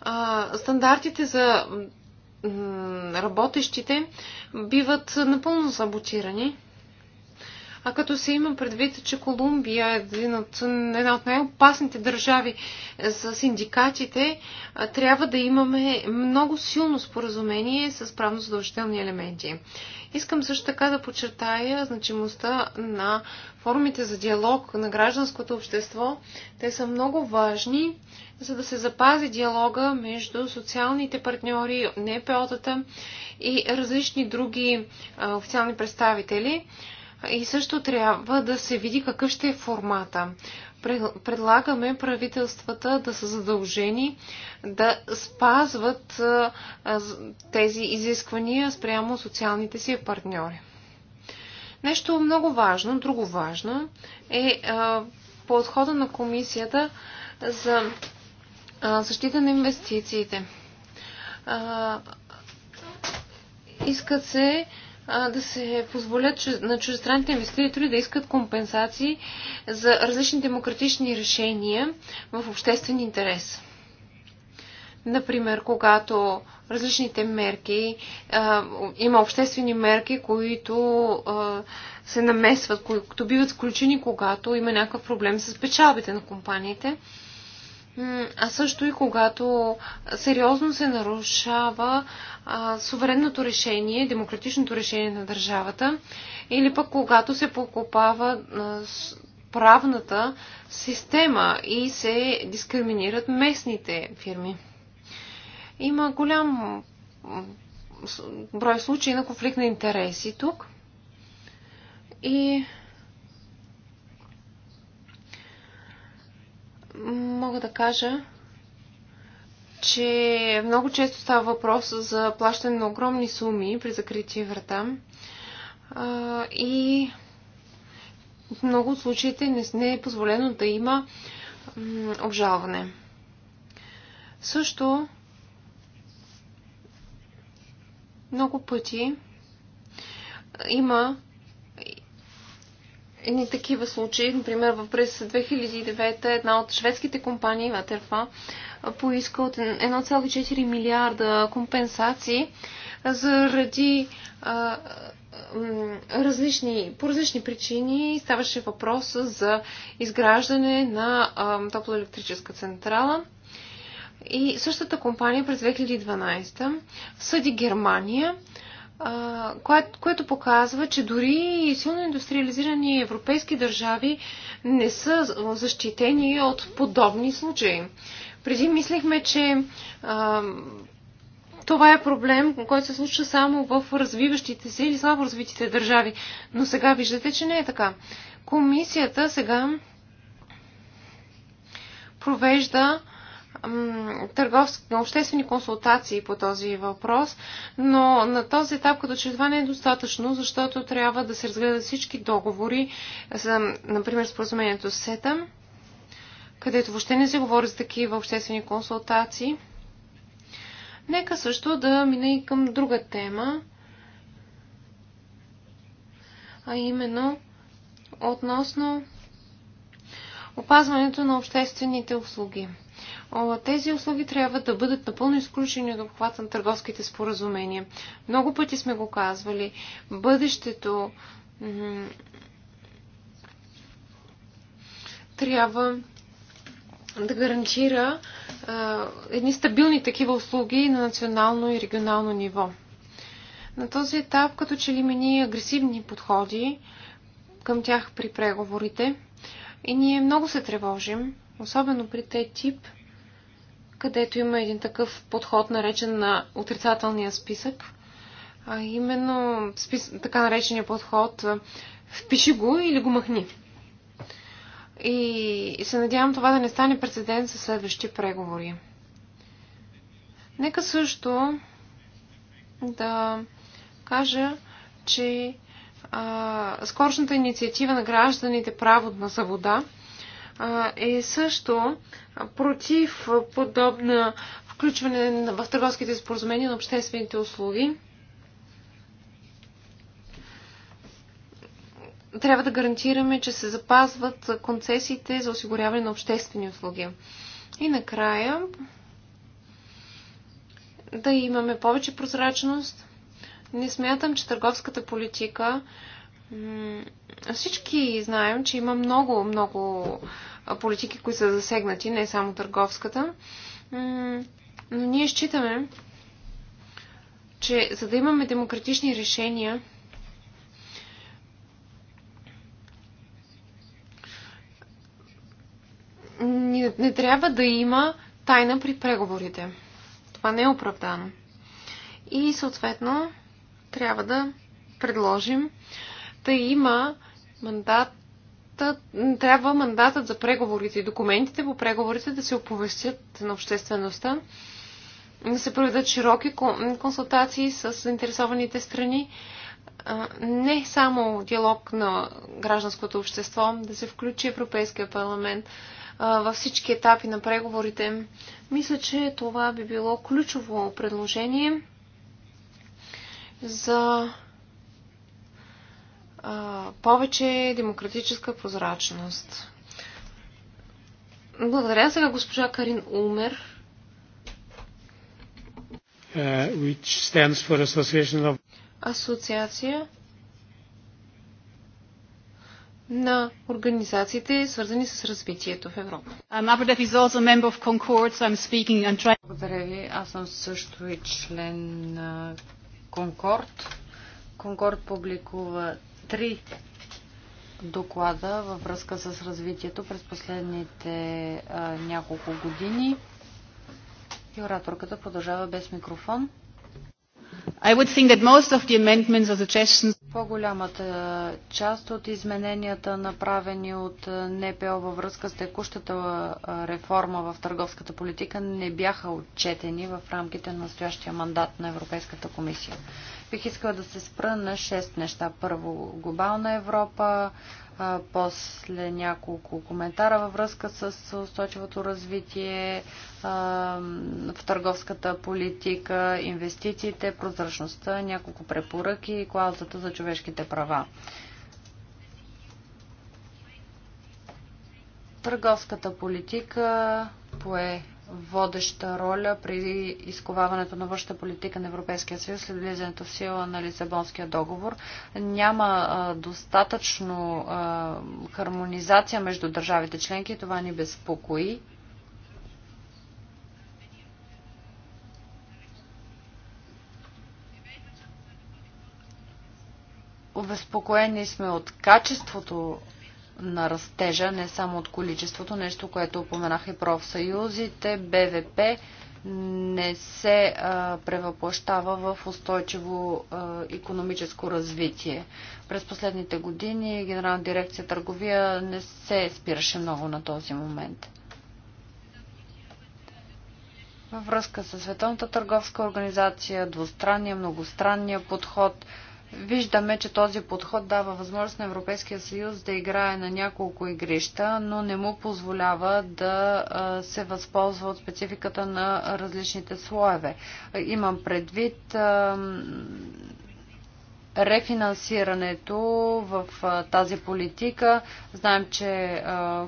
а, стандартите за работещите биват напълно саботирани. А като се има предвид, че Колумбия е един от, една от най-опасните държави с синдикатите, трябва да имаме много силно споразумение с правно задължителни елементи. Искам също така да подчертая значимостта на формите за диалог на гражданското общество. Те са много важни, за да се запази диалога между социалните партньори, НПО-тата и различни други официални представители. И също трябва да се види какъв ще е формата. Предлагаме правителствата да са задължени да спазват тези изисквания спрямо социалните си партньори. Нещо много важно, друго важно е подхода на комисията за защита на инвестициите. Искат се да се позволят на чуждестранните инвеститори да искат компенсации за различни демократични решения в обществен интерес. Например, когато различните мерки, има обществени мерки, които се намесват, които биват включени, когато има някакъв проблем с печалбите на компаниите а също и когато сериозно се нарушава а, суверенното решение, демократичното решение на държавата, или пък когато се покупава а, правната система и се дискриминират местните фирми. Има голям брой случаи на конфликт на интереси тук. И мога да кажа, че много често става въпрос за плащане на огромни суми при закритие врата. А, и в много от случаите не, не е позволено да има м, обжалване. Също много пъти има едни такива случаи. Например, в през 2009 една от шведските компании, Ватерфа, поиска от 1,4 милиарда компенсации заради а, различни, по различни причини ставаше въпрос за изграждане на а, топлоелектрическа централа. И същата компания през 2012 съди Германия което, което показва, че дори силно индустриализирани европейски държави не са защитени от подобни случаи. Преди мислихме, че а, това е проблем, който се случва само в развиващите се или слабо развитите държави, но сега виждате, че не е така. Комисията сега провежда търговски, на обществени консултации по този въпрос, но на този етап като че това не е достатъчно, защото трябва да се разгледат всички договори, за, например споразумението с СЕТА, където въобще не се говори за такива обществени консултации. Нека също да мина и към друга тема, а именно относно опазването на обществените услуги тези услуги трябва да бъдат напълно изключени от обхвата на търговските споразумения. Много пъти сме го казвали. Бъдещето трябва да гарантира а, едни стабилни такива услуги на национално и регионално ниво. На този етап, като че ли мини агресивни подходи към тях при преговорите, и ние много се тревожим, особено при те тип където има един такъв подход, наречен на отрицателния списък, а именно спис... така наречения подход впиши го или го махни. И, и се надявам това да не стане прецедент за следващи преговори. Нека също да кажа, че а, скорочната инициатива на гражданите право на завода, е също против подобна включване в търговските споразумения на обществените услуги. Трябва да гарантираме, че се запазват концесиите за осигуряване на обществени услуги. И накрая да имаме повече прозрачност. Не смятам, че търговската политика всички знаем, че има много, много политики, които са засегнати, не само търговската. Но ние считаме, че за да имаме демократични решения, не, трябва да има тайна при преговорите. Това не е оправдано. И съответно трябва да предложим да има мандат трябва мандатът за преговорите и документите по преговорите да се оповестят на обществеността, да се проведат широки консултации с заинтересованите страни, не само диалог на гражданското общество, да се включи Европейския парламент във всички етапи на преговорите. Мисля, че това би било ключово предложение за повече демократическа прозрачност. Благодаря сега госпожа Карин Умер. Uh, which stands for Association of... Асоциация на организациите, свързани с развитието в Европа. Um, Concord, so trying... Благодаря ви. Аз съм също и член на Конкорд. Конкорд публикува три доклада във връзка с развитието през последните а, няколко години. И ораторката продължава без микрофон. I would think that most of the amendments or suggestions по-голямата част от измененията, направени от НПО във връзка с текущата реформа в търговската политика, не бяха отчетени в рамките на настоящия мандат на Европейската комисия. Бих искала да се спра на 6 неща. Първо, глобална Европа, после няколко коментара във връзка с устойчивото развитие в търговската политика, инвестициите, прозрачността, няколко препоръки и клаузата за човешките права. Търговската политика пое водеща роля при изковаването на външната политика на Европейския съюз след влизането в сила на Лисабонския договор. Няма а, достатъчно а, хармонизация между държавите членки и това ни безпокои. Обезпокоени сме от качеството на растежа, не само от количеството, нещо, което упоменах и профсъюзите, БВП не се а, превъплащава в устойчиво а, економическо развитие. През последните години Генерална дирекция търговия не се спираше много на този момент. Във връзка с Световната търговска организация, двустранния, многостранния подход – Виждаме, че този подход дава възможност на Европейския съюз да играе на няколко игрища, но не му позволява да се възползва от спецификата на различните слоеве. Имам предвид рефинансирането в тази политика. Знаем, че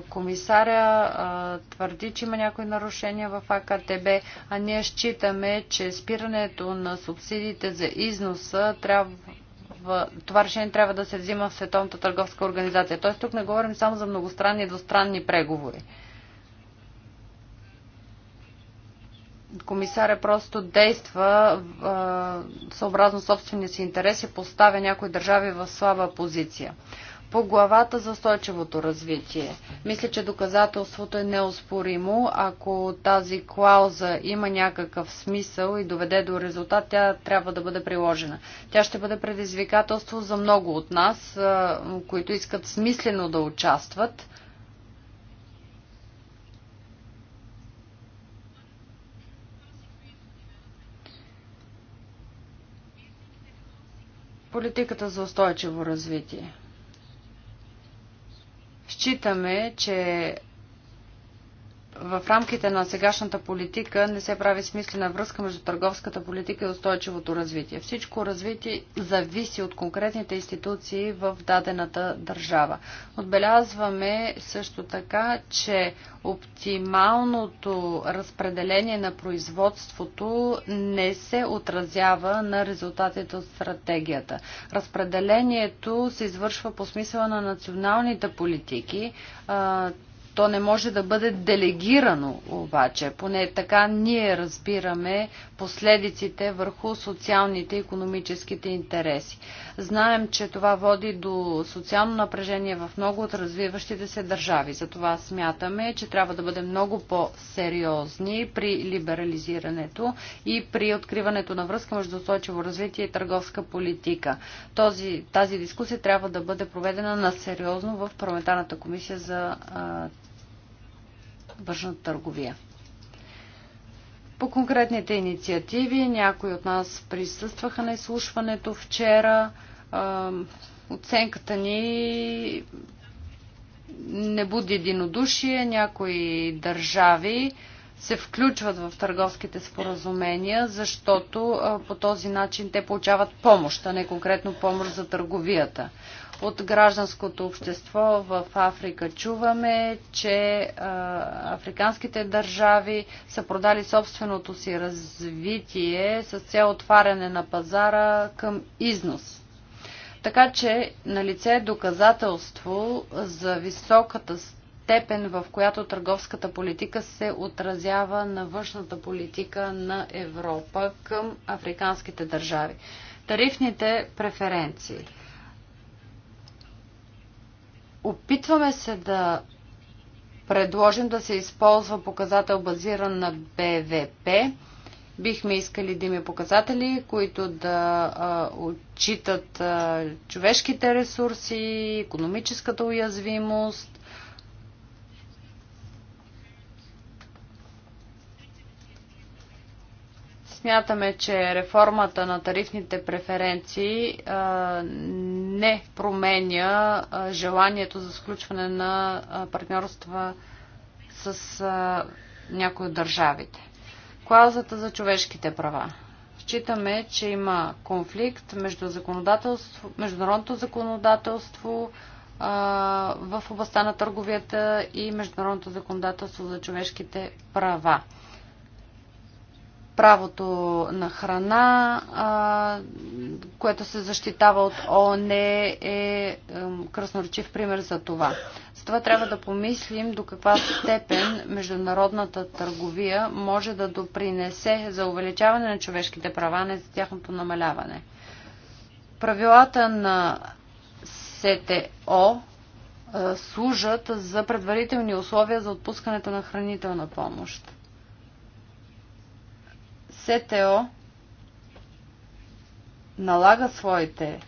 комисаря твърди, че има някои нарушения в АКТБ, а ние считаме, че спирането на субсидиите за износа трябва това решение трябва да се взима в Световната търговска организация. Тоест тук не говорим само за многостранни и двустранни преговори. комисаря просто действа съобразно собствения си интерес и поставя някои държави в слаба позиция. По главата за устойчивото развитие. Мисля, че доказателството е неоспоримо. Ако тази клауза има някакъв смисъл и доведе до резултат, тя трябва да бъде приложена. Тя ще бъде предизвикателство за много от нас, които искат смислено да участват. Политиката за устойчиво развитие. Считаме, че в рамките на сегашната политика не се прави смислена връзка между търговската политика и устойчивото развитие. Всичко развитие зависи от конкретните институции в дадената държава. Отбелязваме също така, че оптималното разпределение на производството не се отразява на резултатите от стратегията. Разпределението се извършва по смисъла на националните политики. То не може да бъде делегирано обаче. Поне така ние разбираме последиците върху социалните и економическите интереси. Знаем, че това води до социално напрежение в много от развиващите се държави. Затова смятаме, че трябва да бъдем много по-сериозни при либерализирането и при откриването на връзка между устойчиво развитие и търговска политика. Този, тази дискусия трябва да бъде проведена на сериозно в парламентарната комисия за външната търговия. По конкретните инициативи, някои от нас присъстваха на изслушването вчера. Оценката ни не буди единодушие. Някои държави се включват в търговските споразумения, защото по този начин те получават помощ, а не конкретно помощ за търговията. От гражданското общество в Африка чуваме, че а, африканските държави са продали собственото си развитие с цел отваряне на пазара към износ. Така че на лице е доказателство за високата степен, в която търговската политика се отразява на външната политика на Европа към африканските държави. Тарифните преференции – Опитваме се да предложим да се използва показател базиран на БВП. Бихме искали да има показатели, които да а, отчитат а, човешките ресурси, економическата уязвимост, смятаме, че реформата на тарифните преференции не променя желанието за сключване на партньорства с някои от държавите. Клаузата за човешките права. Считаме, че има конфликт между законодателство, международното законодателство а, в областта на търговията и международното законодателство за човешките права правото на храна, което се защитава от ООН, е, е красноречив пример за това. Затова трябва да помислим до каква степен международната търговия може да допринесе за увеличаване на човешките права, не за тяхното намаляване. Правилата на СТО служат за предварителни условия за отпускането на хранителна помощ. СТО налага своите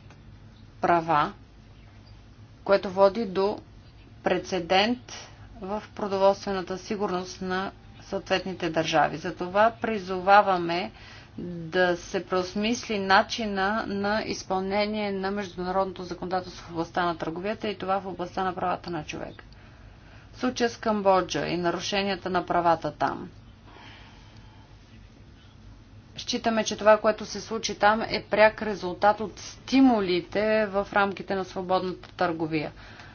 права, което води до прецедент в продоволствената сигурност на съответните държави. Затова призоваваме да се преосмисли начина на изпълнение на международното законодателство в областта на търговията и това в областта на правата на човек. В случая с Камбоджа и нарушенията на правата там – Считаме, че това, което се случи там е пряк резултат от стимулите в рамките на свободната търговия.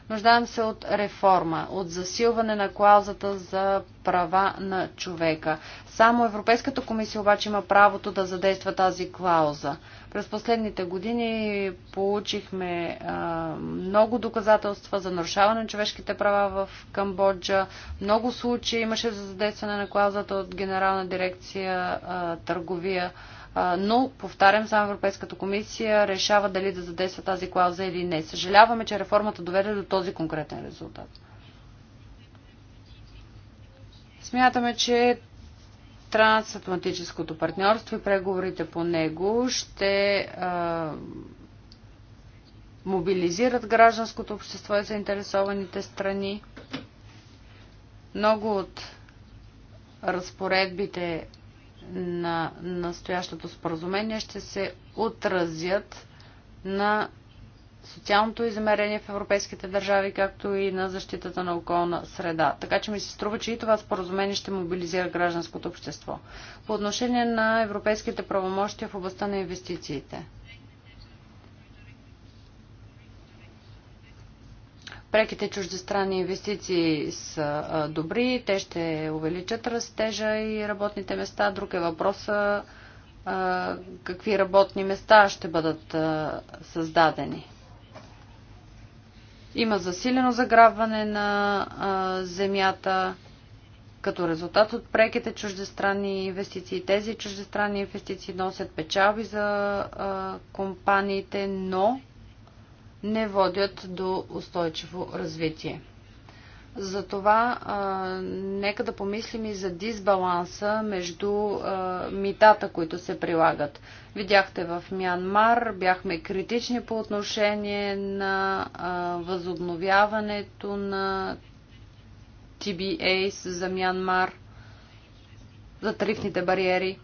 Нуждаем се от реформа, от засилване на клаузата за права на човека. Само Европейската комисия обаче има правото да задейства тази клауза. През последните години получихме много доказателства за нарушаване на човешките права в Камбоджа. Много случаи имаше за задействане на клаузата от Генерална дирекция търговия. Но, повтарям, само Европейската комисия решава дали да задейства тази клауза или не. Съжаляваме, че реформата доведе до този конкретен резултат. Смятаме, че трансатлантическото партньорство и преговорите по него ще а, мобилизират гражданското общество и заинтересованите страни. Много от разпоредбите на настоящото споразумение ще се отразят на социалното измерение в европейските държави, както и на защитата на околна среда. Така че ми се струва, че и това споразумение ще мобилизира гражданското общество. По отношение на европейските правомощия в областта на инвестициите. Преките чуждестранни инвестиции са добри, те ще увеличат растежа и работните места. Друг е въпроса какви работни места ще бъдат създадени. Има засилено заграбване на а, земята като резултат от преките чуждестранни инвестиции. Тези чуждестранни инвестиции носят печалби за а, компаниите, но не водят до устойчиво развитие. Затова а, нека да помислим и за дисбаланса между а, митата, които се прилагат. Видяхте в Мянмар, бяхме критични по отношение на а, възобновяването на TBAs за Мянмар, за тарифните бариери.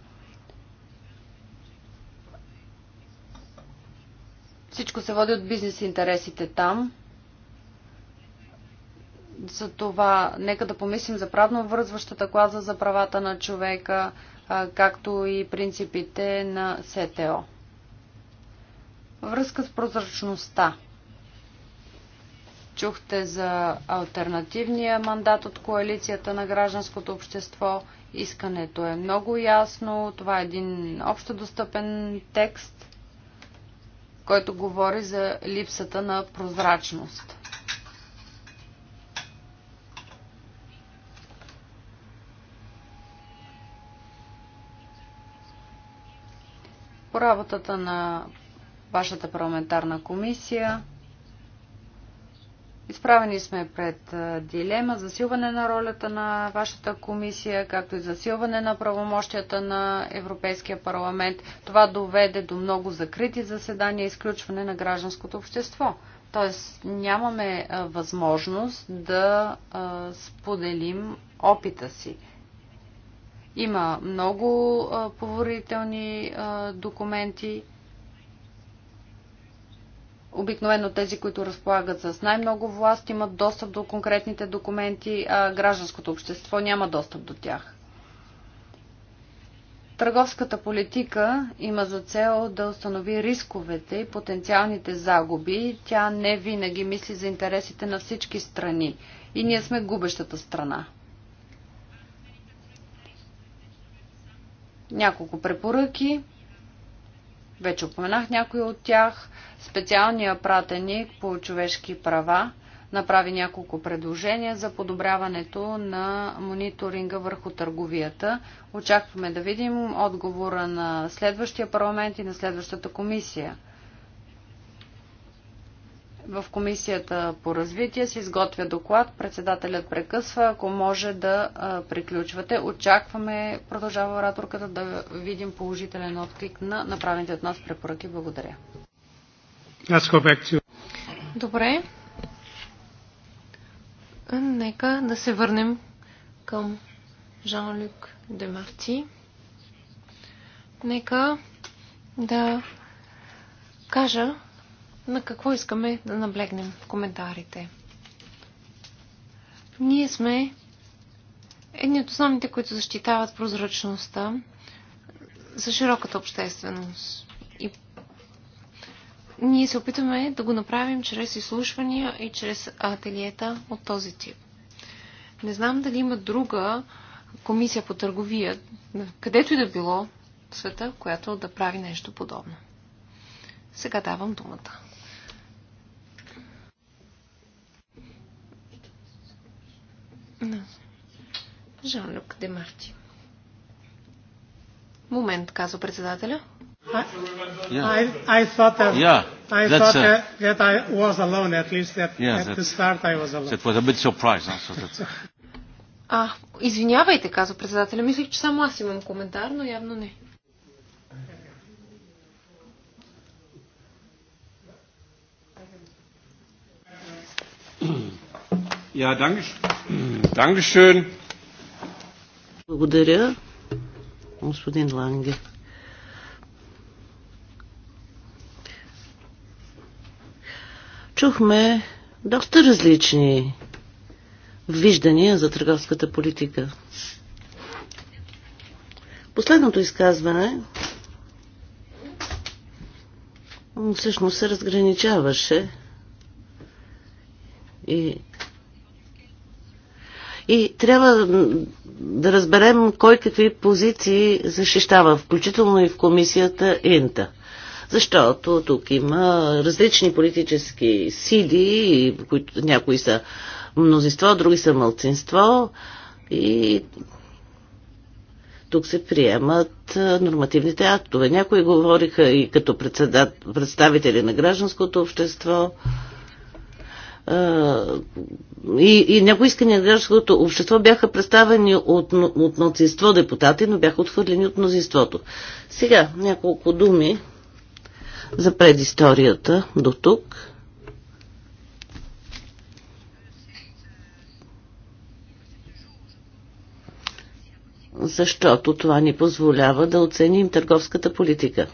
Всичко се води от бизнес интересите там за това нека да помислим за правно вързващата клаза за правата на човека, както и принципите на СТО. Връзка с прозрачността. Чухте за альтернативния мандат от коалицията на гражданското общество. Искането е много ясно. Това е един общо достъпен текст, който говори за липсата на прозрачност. по работата на вашата парламентарна комисия. Изправени сме пред дилема засилване на ролята на вашата комисия, както и засилване на правомощията на Европейския парламент. Това доведе до много закрити заседания и изключване на гражданското общество. Тоест нямаме възможност да споделим опита си. Има много а, поверителни а, документи. Обикновено тези, които разполагат с най-много власт, имат достъп до конкретните документи, а гражданското общество няма достъп до тях. Търговската политика има за цел да установи рисковете и потенциалните загуби. Тя не винаги мисли за интересите на всички страни. И ние сме губещата страна. Няколко препоръки. Вече упоменах някои от тях. Специалният пратеник по човешки права направи няколко предложения за подобряването на мониторинга върху търговията. Очакваме да видим отговора на следващия парламент и на следващата комисия в Комисията по развитие се изготвя доклад. Председателят прекъсва, ако може да приключвате. Очакваме, продължава ораторката, да видим положителен отклик на направените от нас препоръки. Благодаря. Добре. Нека да се върнем към Жан-Люк Демарти. Нека да кажа, на какво искаме да наблегнем в коментарите. Ние сме едни от основните, които защитават прозрачността за широката общественост. И ние се опитваме да го направим чрез изслушвания и чрез ателиета от този тип. Не знам дали има друга комисия по търговия, където и да било в света, която да прави нещо подобно. Сега давам думата. на Жан-Люк Марти. Момент, казва председателя. извинявайте, казва председателя. Мислих, че само аз имам коментар, но явно не. Ja, danke, danke schön. Благодаря, господин Ланге. Чухме доста различни виждания за търговската политика. Последното изказване всъщност се разграничаваше и и трябва да разберем кой какви позиции защищава, включително и в комисията Инта. Защото тук има различни политически сили, които някои са мнозинство, други са мълцинство и тук се приемат нормативните актове. Някои говориха и като представители на гражданското общество и, и някои искания на гражданското общество бяха представени от, от мнозинство депутати, но бяха отхвърлени от мнозинството. Сега няколко думи за предисторията до тук. Защото това ни позволява да оценим търговската политика.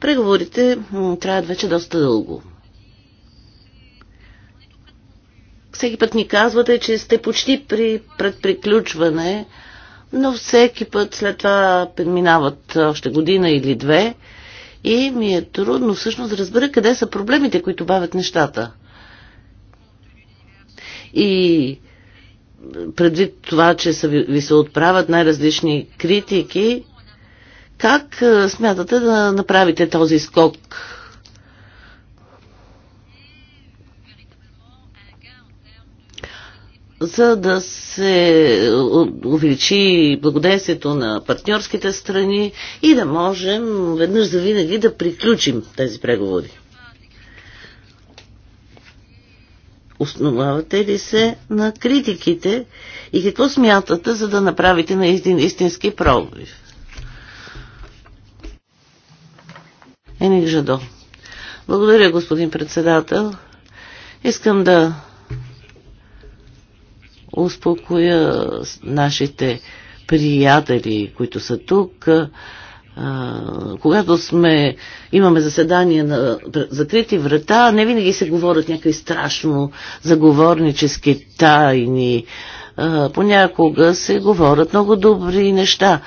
Преговорите траят вече доста дълго. Всеки път ни казвате, че сте почти при, предприключване, но всеки път след това минават още година или две и ми е трудно всъщност да разбера къде са проблемите, които бавят нещата. И предвид това, че са ви, ви се отправят най-различни критики, как смятате да направите този скок за да се увеличи благодействието на партньорските страни и да можем веднъж за винаги да приключим тези преговори. Основавате ли се на критиките и какво смятате, за да направите на един истински пробив? Ених Жадо. Благодаря, господин председател. Искам да успокоя нашите приятели, които са тук. Когато сме, имаме заседания на закрити врата, не винаги се говорят някакви страшно заговорнически тайни. Понякога се говорят много добри неща.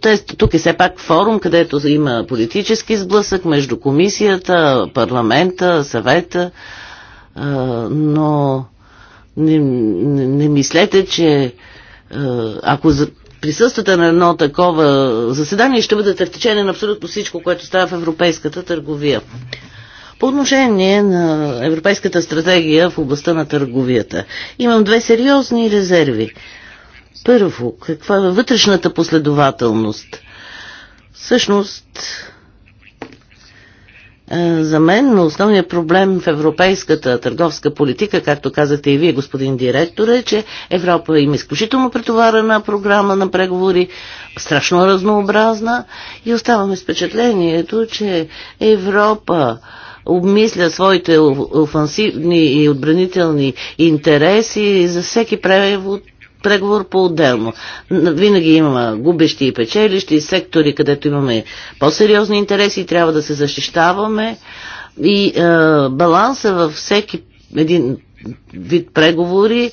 Тоест, тук е все пак форум, където има политически сблъсък между комисията, парламента, съвета, но не, не, не мислете, че е, ако за, присъствате на едно такова заседание, ще бъдете в течение на абсолютно всичко, което става в европейската търговия. По отношение на Европейската стратегия в областта на търговията, имам две сериозни резерви. Първо, каква е вътрешната последователност? Всъщност, е, за мен основният проблем в европейската търговска политика, както казахте и вие, господин директор, е, че Европа има изключително претоварена програма на преговори, страшно разнообразна и оставаме с впечатлението, че Европа обмисля своите офансивни и отбранителни интереси за всеки превод преговор по-отделно. Винаги има губещи и печелищи, сектори, където имаме по-сериозни интереси, трябва да се защищаваме и е, баланса във всеки един вид преговори е,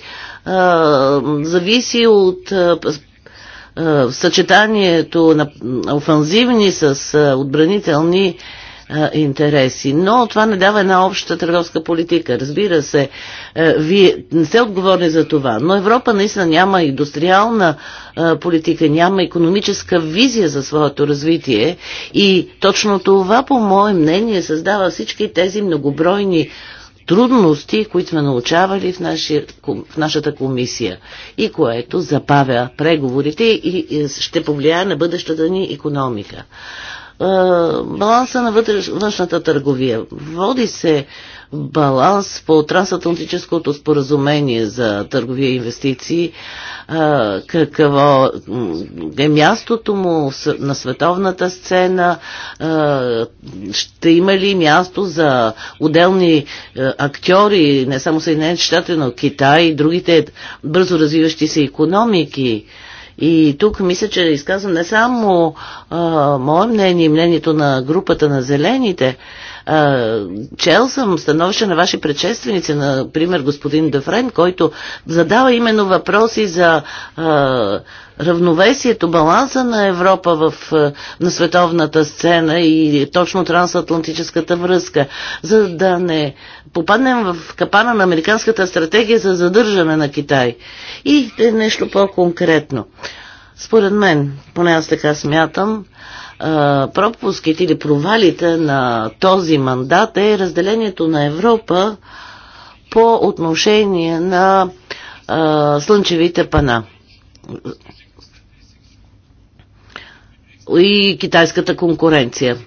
зависи от е, съчетанието на офанзивни с отбранителни интереси. Но това не дава една обща търговска политика. Разбира се, вие не сте отговорни за това, но Европа наистина няма индустриална политика, няма економическа визия за своето развитие и точно това, по мое мнение, създава всички тези многобройни трудности, които сме научавали в, нашия, в нашата комисия и което запавя преговорите и ще повлияе на бъдещата ни економика. Е, баланса на външната търговия. Води се баланс по трансатлантическото споразумение за търговия и инвестиции. Е, какво е мястото му на световната сцена? Е, ще има ли място за отделни актьори, не само Съединените щати, но Китай и другите бързо развиващи се економики? И тук мисля, че изказвам не само а, мое мнение и мнението на групата на зелените, Чел съм становище на ваши предшественици, например господин Дефрен, който задава именно въпроси за равновесието, баланса на Европа в, на световната сцена и точно трансатлантическата връзка, за да не попаднем в капана на американската стратегия за задържане на Китай. И е нещо по-конкретно. Според мен, поне аз така смятам, пропуските или провалите на този мандат е разделението на Европа по отношение на а, слънчевите пана. И китайската конкуренция.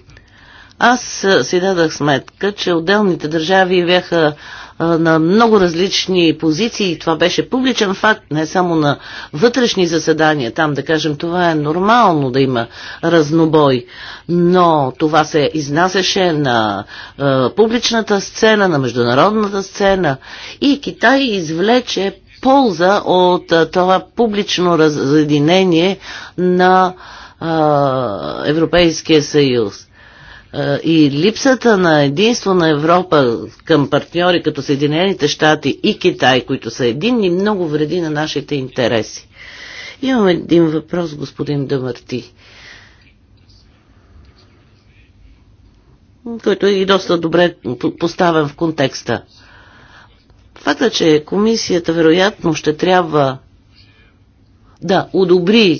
Аз си дадах сметка, че отделните държави бяха на много различни позиции. Това беше публичен факт, не само на вътрешни заседания. Там, да кажем, това е нормално да има разнобой. Но това се изнасяше на е, публичната сцена, на международната сцена. И Китай извлече полза от е, това публично разединение на е, Европейския съюз. Е, и липсата на единство на Европа към партньори като Съединените щати и Китай, които са единни, много вреди на нашите интереси. Имам един въпрос, господин Дамарти, който е и доста добре поставен в контекста. Факта, че комисията вероятно ще трябва да одобри е,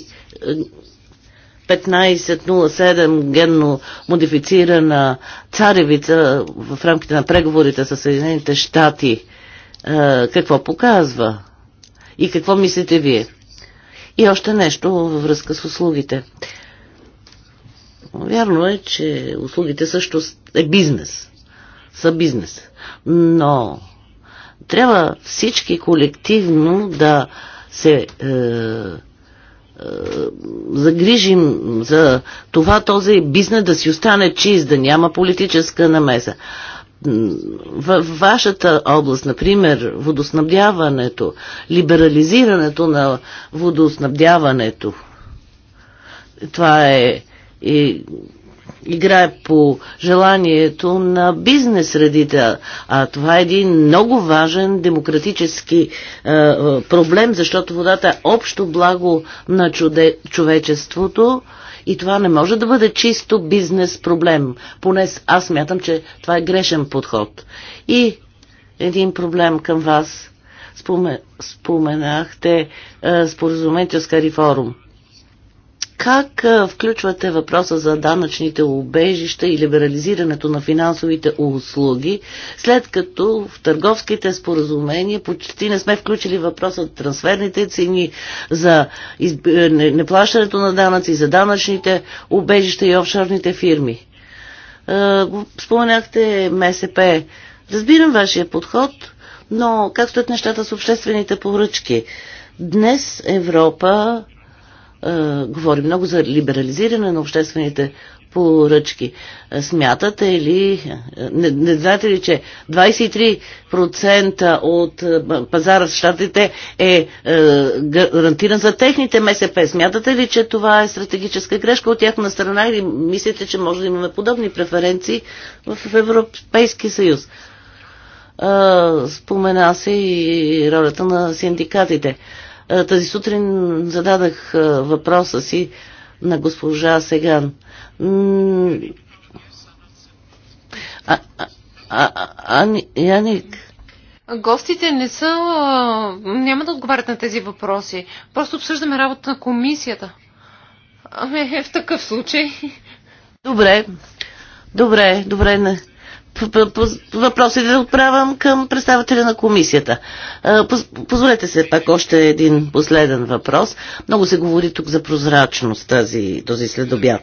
1507 генно модифицирана царевица в рамките на преговорите с Съединените щати е, какво показва и какво мислите вие? И още нещо във връзка с услугите. Вярно е, че услугите също е бизнес. Са бизнес. Но трябва всички колективно да се е, е, загрижим за това този бизнес да си остане чист, да няма политическа намеса. В вашата област, например, водоснабдяването, либерализирането на водоснабдяването, това е и играе по желанието на бизнес средите. А това е един много важен демократически е, е, проблем, защото водата е общо благо на чуде, човечеството и това не може да бъде чисто бизнес проблем. Поне аз мятам, че това е грешен подход. И един проблем към вас. споменахте е, споразумението с Карифорум. Как включвате въпроса за данъчните убежища и либерализирането на финансовите услуги, след като в търговските споразумения почти не сме включили въпроса за трансферните цени, за изб... Е, неплащането на данъци, за данъчните убежища и офшорните фирми? Споменахте МСП. Разбирам вашия подход, но как стоят нещата с обществените поръчки? Днес Европа е, говори много за либерализиране на обществените поръчки. Е, смятате ли, е, не, не знаете ли, че 23% от пазара в щатите е, е гарантиран за техните МСП? Смятате ли, че това е стратегическа грешка от тяхна страна или мислите, че може да имаме подобни преференции в Европейски съюз? спомена се и ролята на синдикатите. Е, тази сутрин зададах е, въпроса си на госпожа Сеган. А, а, а, Яник. Гостите не са. Е, няма да отговарят на тези въпроси. Просто обсъждаме работа на комисията. Ами, в такъв случай. Добре. Добре, добре. Не. Въпроси да отправям към представителя на комисията. Позволете се пак още един последен въпрос. Много се говори тук за прозрачност тази, този следобят.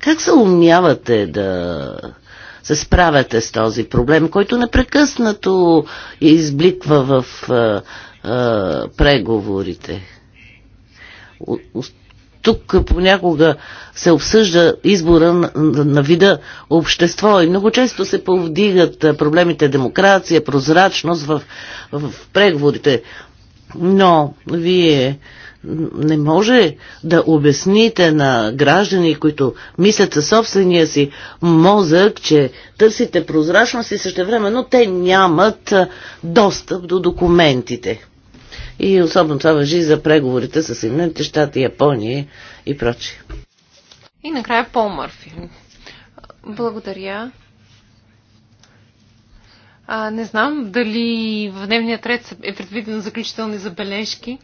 Как се умявате да се справяте с този проблем, който непрекъснато избликва в а, а, преговорите? тук понякога се обсъжда избора на, на вида общество и много често се повдигат проблемите демокрация, прозрачност в, в преговорите. Но вие не може да обясните на граждани, които мислят със собствения си мозък, че търсите прозрачност и същевременно те нямат достъп до документите. И особено това въжи за преговорите с Съединените щати, Япония и прочие. И накрая Пол Мърфи. Благодаря. А, не знам дали в дневния ред е предвидено заключителни забележки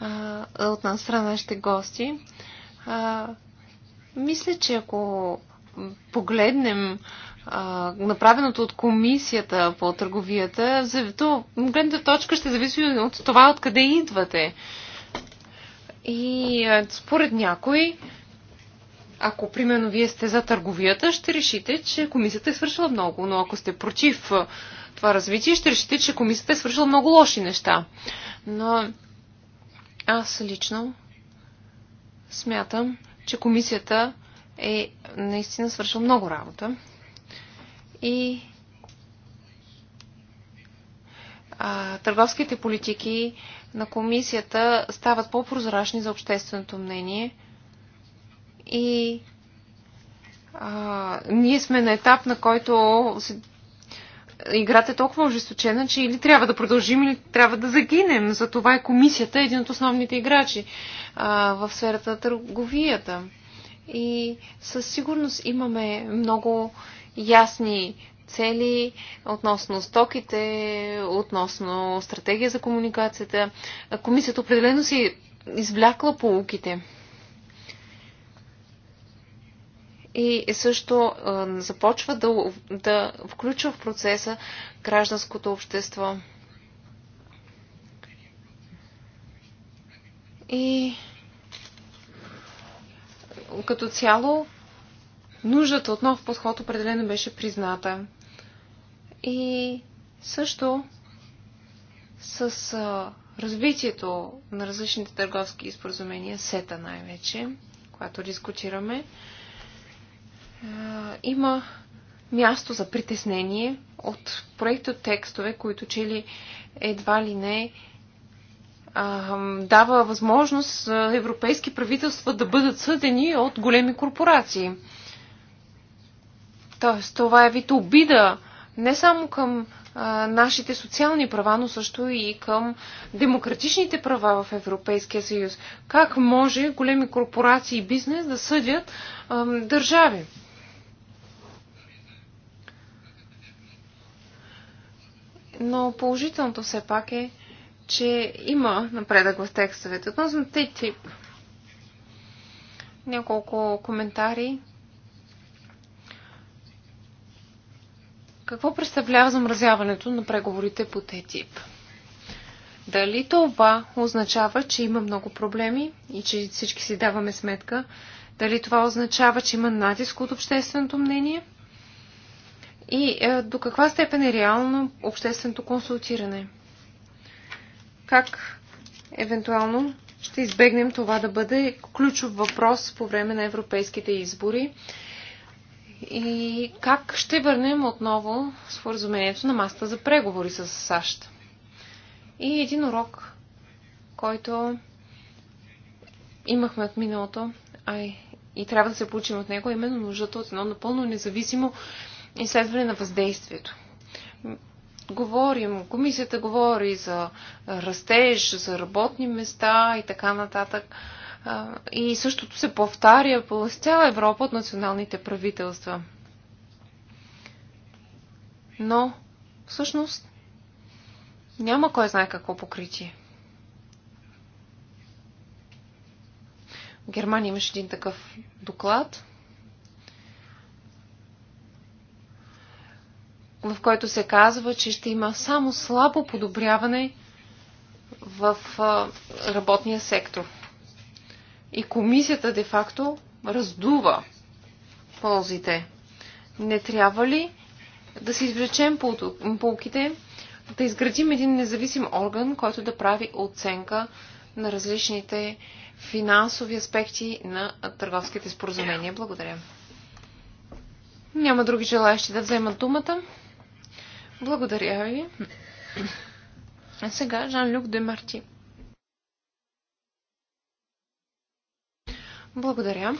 а, от нас страна нашите гости. А, мисля, че ако погледнем а, а, направеното от комисията по търговията, то гледната точка ще зависи от това откъде идвате. И а, според някой, ако примерно вие сте за търговията, ще решите, че комисията е свършила много, но ако сте против това развитие, ще решите, че комисията е свършила много лоши неща. Но аз лично смятам, че комисията е наистина свършила много работа и а, търговските политики на комисията стават по-прозрачни за общественото мнение и а, ние сме на етап, на който се... играта е толкова ожесточена, че или трябва да продължим, или трябва да загинем. Затова е комисията един от основните играчи а, в сферата на търговията. И със сигурност имаме много ясни цели относно стоките, относно стратегия за комуникацията. Комисията определено си извлякла полуките. И също започва да, да включва в процеса гражданското общество. И като цяло нуждата от нов подход определено беше призната. И също с а, развитието на различните търговски споразумения, сета най-вече, която дискутираме, а, има място за притеснение от от текстове, които че ли едва ли не а, дава възможност европейски правителства да бъдат съдени от големи корпорации. Тоест, това е вид обида не само към а, нашите социални права, но също и към демократичните права в Европейския съюз. Как може големи корпорации и бизнес да съдят а, държави? Но положителното все пак е, че има напредък в текстовете. Относно тип. няколко коментари Какво представлява замразяването на преговорите по ТТИП? Дали това означава, че има много проблеми и че всички си даваме сметка? Дали това означава, че има натиск от общественото мнение? И е, до каква степен е реално общественото консултиране? Как евентуално ще избегнем това да бъде ключов въпрос по време на европейските избори и как ще върнем отново споразумението на маста за преговори с САЩ. И един урок, който имахме от миналото, а и трябва да се получим от него, именно нуждата от едно напълно независимо изследване на въздействието. Говорим, комисията говори за растеж, за работни места и така нататък. И същото се повтаря по цяла Европа от националните правителства. Но, всъщност, няма кой знае какво покритие. В Германия имаше един такъв доклад, в който се казва, че ще има само слабо подобряване в работния сектор. И комисията де-факто раздува ползите. Не трябва ли да се извлечем полките, да изградим един независим орган, който да прави оценка на различните финансови аспекти на търговските споразумения. Благодаря. Няма други желаящи да вземат думата. Благодаря ви. А сега Жан-Люк Демарти. Благодаря.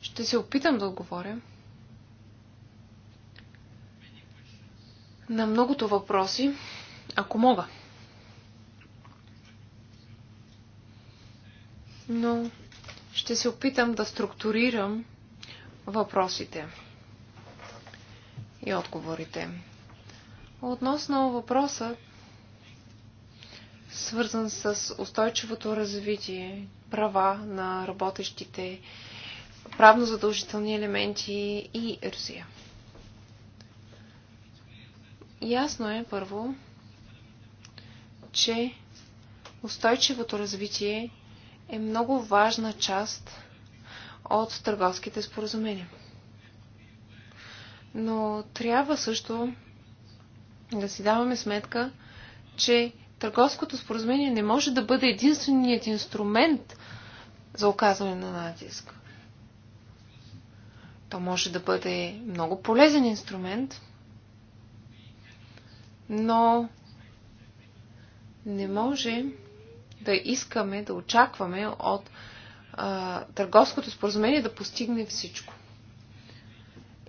Ще се опитам да отговоря на многото въпроси, ако мога. Но ще се опитам да структурирам въпросите и отговорите. Относно въпроса свързан с устойчивото развитие, права на работещите, правно задължителни елементи и Русия. Ясно е първо, че устойчивото развитие е много важна част от търговските споразумения. Но трябва също да си даваме сметка, че търговското споразумение не може да бъде единственият инструмент за оказване на натиск. То може да бъде много полезен инструмент, но не може да искаме, да очакваме от а, търговското споразумение да постигне всичко.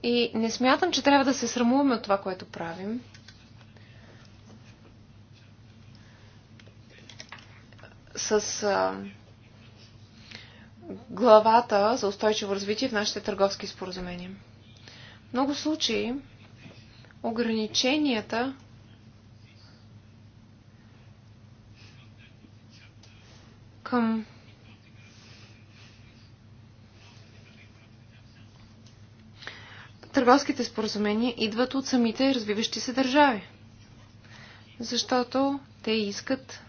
И не смятам, че трябва да се срамуваме от това, което правим. с а, главата за устойчиво развитие в нашите търговски споразумения. В много случаи ограниченията към търговските споразумения идват от самите развиващи се държави. Защото те искат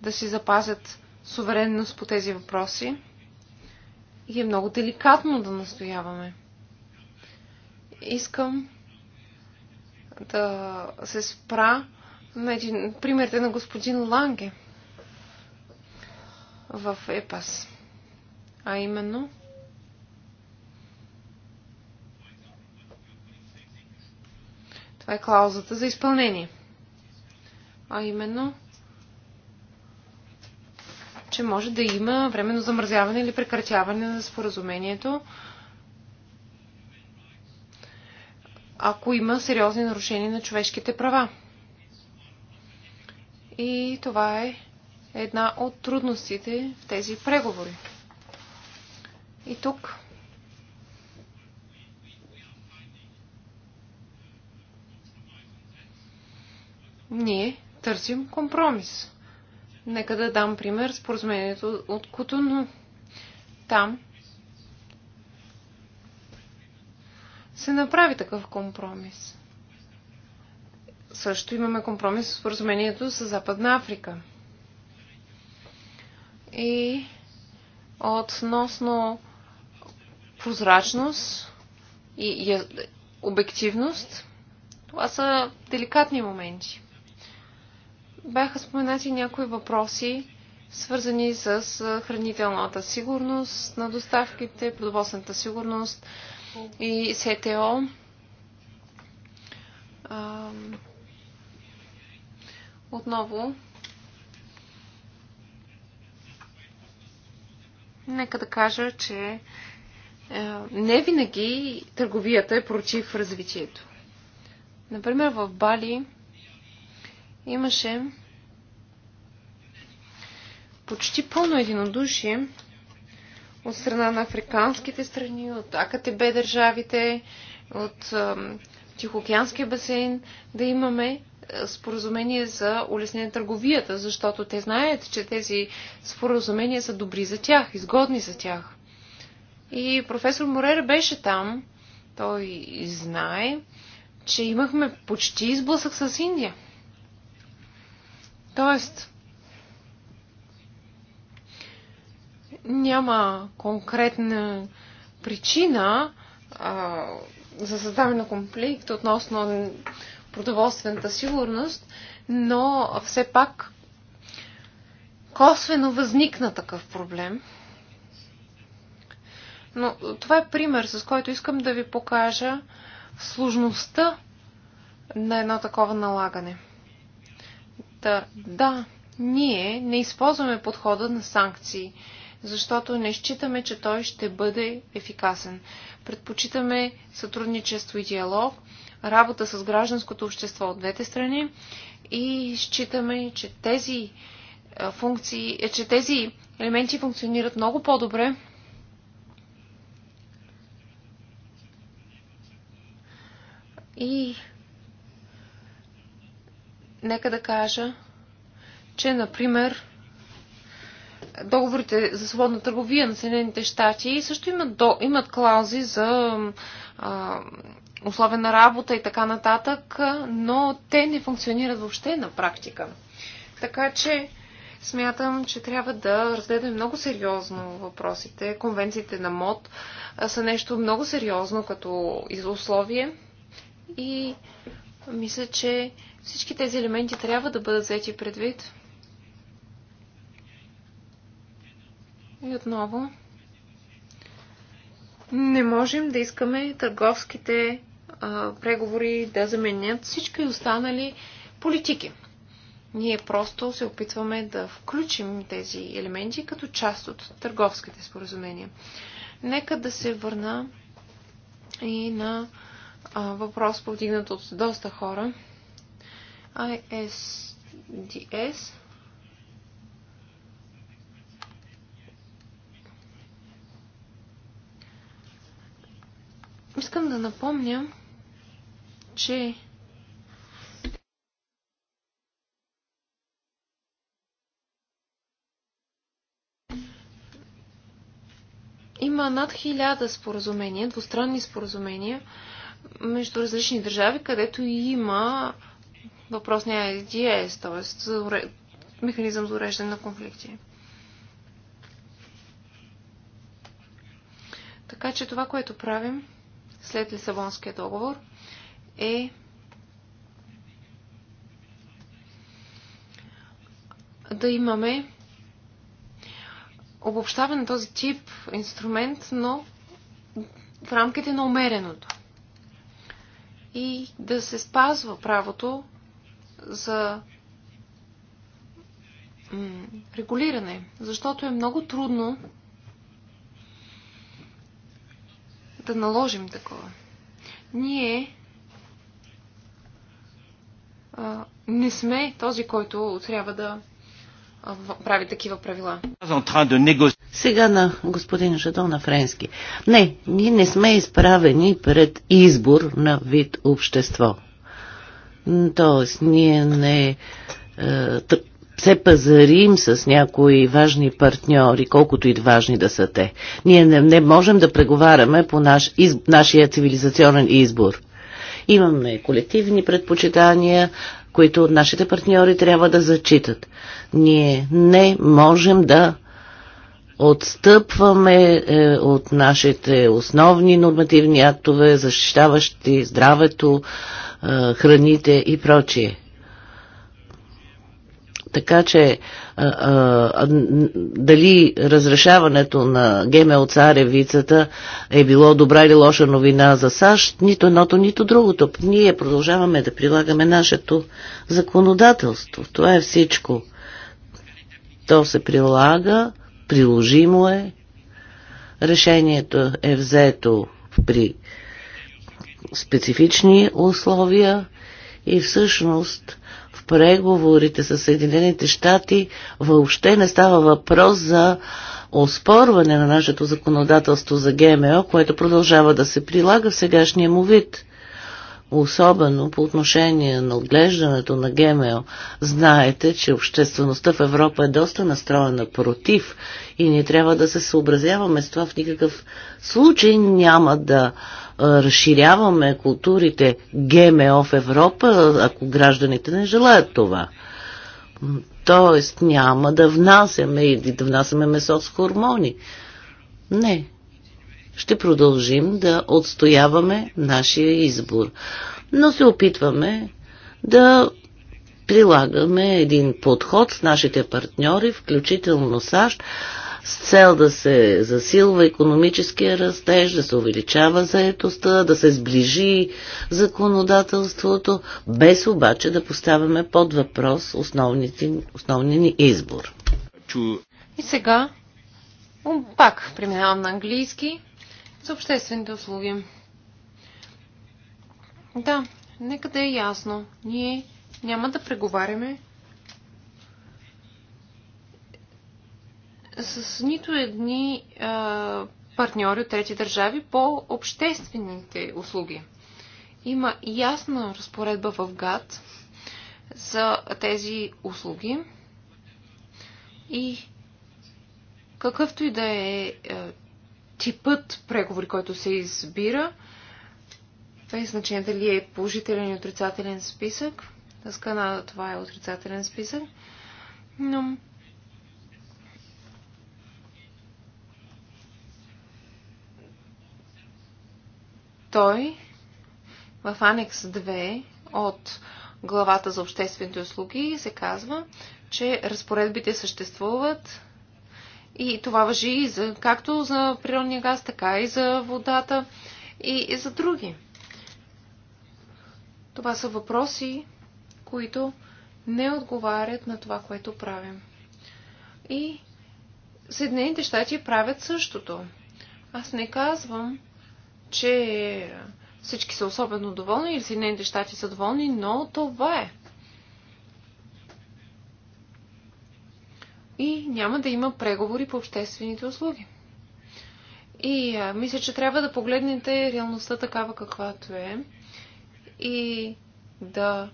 да си запазят суверенност по тези въпроси. И е много деликатно да настояваме. Искам да се спра на един, пример на господин Ланге в ЕПАС. А именно, това е клаузата за изпълнение. А именно, че може да има временно замразяване или прекратяване на споразумението, ако има сериозни нарушения на човешките права. И това е една от трудностите в тези преговори. И тук ние търсим компромис. Нека да дам пример споразумението от Кутуно. Там се направи такъв компромис. Също имаме компромис с споразумението с Западна Африка. И относно прозрачност и обективност, това са деликатни моменти. Бяха споменати някои въпроси, свързани с хранителната сигурност на доставките, продоволствената сигурност и СТО. Отново, нека да кажа, че е, не винаги търговията е против развитието. Например, в Бали имаше почти пълно единодушие от страна на африканските страни, от АКТБ държавите, от Тихоокеанския басейн, да имаме е, споразумение за улеснение на търговията, защото те знаят, че тези споразумения са добри за тях, изгодни за тях. И професор Морер беше там. Той знае, че имахме почти изблъсък с Индия – Тоест, няма конкретна причина а, за създаване на конфликт относно продоволствената сигурност, но все пак косвено възникна такъв проблем. Но това е пример, с който искам да ви покажа сложността на едно такова налагане. Та, да, ние не използваме подхода на санкции, защото не считаме, че той ще бъде ефикасен. Предпочитаме сътрудничество и диалог, работа с гражданското общество от двете страни и считаме, че тези е, функции, е, че тези елементи функционират много по-добре и нека да кажа, че, например, договорите за свободна търговия на Съединените щати също имат, до, имат клаузи за а, условена работа и така нататък, но те не функционират въобще на практика. Така че смятам, че трябва да разгледаме много сериозно въпросите. Конвенциите на МОД са нещо много сериозно като условие и мисля, че всички тези елементи трябва да бъдат взети предвид. И отново, не можем да искаме търговските а, преговори да заменят всички останали политики. Ние просто се опитваме да включим тези елементи като част от търговските споразумения. Нека да се върна и на а, въпрос, повдигнат от доста хора – ISDS Искам да напомня, че има над хиляда споразумения, двустранни споразумения между различни държави, където и има въпросния IDS, т.е. механизъм за уреждане на конфликти. Така че това, което правим след Лисабонския договор е да имаме обобщаване на този тип инструмент, но в рамките на умереното. И да се спазва правото за регулиране, защото е много трудно да наложим такова. Ние а, не сме този, който трябва да прави такива правила. Сега на господин Жадон на Френски. Не, ние не сме изправени пред избор на вид общество. Тоест, ние не е, се пазарим с някои важни партньори, колкото и важни да са те. Ние не, не можем да преговаряме по наш, из, нашия цивилизационен избор. Имаме колективни предпочитания, които нашите партньори трябва да зачитат. Ние не можем да отстъпваме е, от нашите основни нормативни актове, защищаващи здравето, храните и прочие. Така че а, а, дали разрешаването на ГМО царевицата е било добра или лоша новина за САЩ, нито едното, нито другото. Ние продължаваме да прилагаме нашето законодателство. Това е всичко. То се прилага, приложимо е. Решението е взето при специфични условия и всъщност в преговорите с Съединените щати въобще не става въпрос за оспорване на нашето законодателство за ГМО, което продължава да се прилага в сегашния му вид. Особено по отношение на отглеждането на ГМО. Знаете, че обществеността в Европа е доста настроена против и ние трябва да се съобразяваме с това. В никакъв случай няма да разширяваме културите ГМО в Европа, ако гражданите не желаят това. Тоест няма да внасяме или да внасяме месо с хормони. Не. Ще продължим да отстояваме нашия избор. Но се опитваме да прилагаме един подход с нашите партньори, включително САЩ, с цел да се засилва економическия растеж, да се увеличава заетостта, да се сближи законодателството, без обаче да поставяме под въпрос основния ни избор. И сега пак преминавам на английски за обществените услуги. Да, нека да е ясно. Ние няма да преговаряме с нито едни а, партньори от трети държави по обществените услуги. Има ясна разпоредба в ГАД за тези услуги и какъвто и да е, е типът преговори, който се избира, е значение дали е положителен и отрицателен списък. С Канада това е отрицателен списък. Но той в анекс 2 от главата за обществените услуги се казва, че разпоредбите съществуват и това въжи и за, както за природния газ, така и за водата и, и за други. Това са въпроси, които не отговарят на това, което правим. И Съединените щати правят същото. Аз не казвам, че всички са особено доволни или Съединените щати са доволни, но това е. И няма да има преговори по обществените услуги. И а, мисля, че трябва да погледнете реалността такава каквато е и да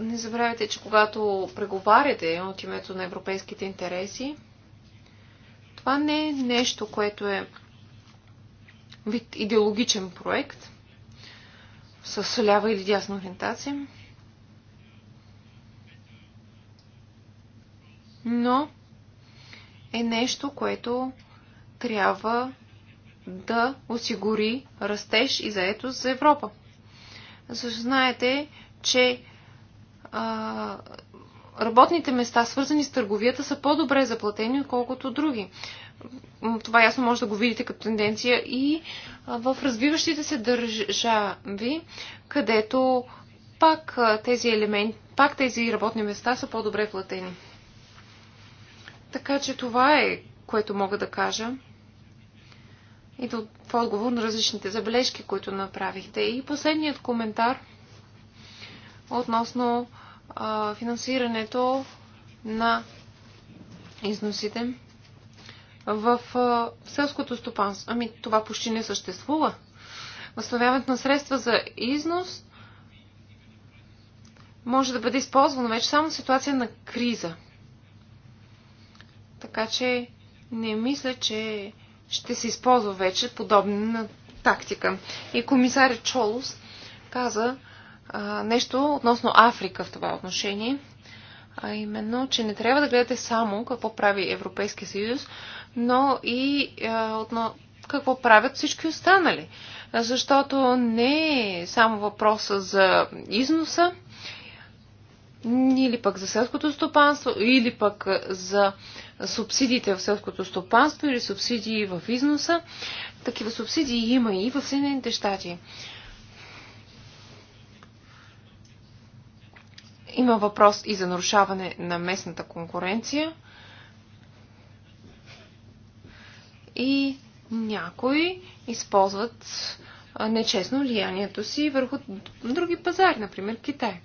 не забравяйте, че когато преговаряте от името на европейските интереси, това не е нещо, което е вид идеологичен проект с лява или дясна ориентация. Но е нещо, което трябва да осигури растеж и заетост за Европа. Защото знаете, че а, работните места, свързани с търговията, са по-добре заплатени, отколкото други това ясно може да го видите като тенденция и в развиващите се държави, където пак тези елементи, пак тези работни места са по-добре платени. Така че това е, което мога да кажа. И да в отговор на различните забележки, които направихте. И последният коментар относно а, финансирането на износите в селското стопанство. Ами това почти не съществува. Възстановяването на средства за износ може да бъде използвано вече само в ситуация на криза. Така че не мисля, че ще се използва вече подобна тактика. И комисаря Чолус каза а, нещо относно Африка в това отношение, а именно, че не трябва да гледате само какво прави Европейския съюз, но и е, отно... какво правят всички останали. Защото не е само въпроса за износа, или пък за селското стопанство, или пък за субсидиите в селското стопанство, или субсидии в износа. Такива субсидии има и в Съединените щати. Има въпрос и за нарушаване на местната конкуренция – и някои използват нечестно влиянието си върху други пазари, например Китай.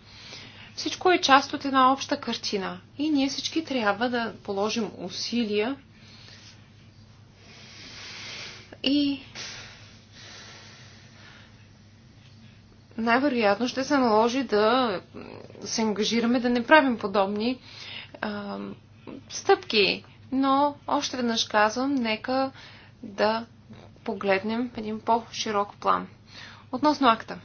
Всичко е част от една обща картина и ние всички трябва да положим усилия и най-вероятно ще се наложи да се ангажираме да не правим подобни а, стъпки но още веднъж казвам, нека да погледнем един по-широк план. Относно акта.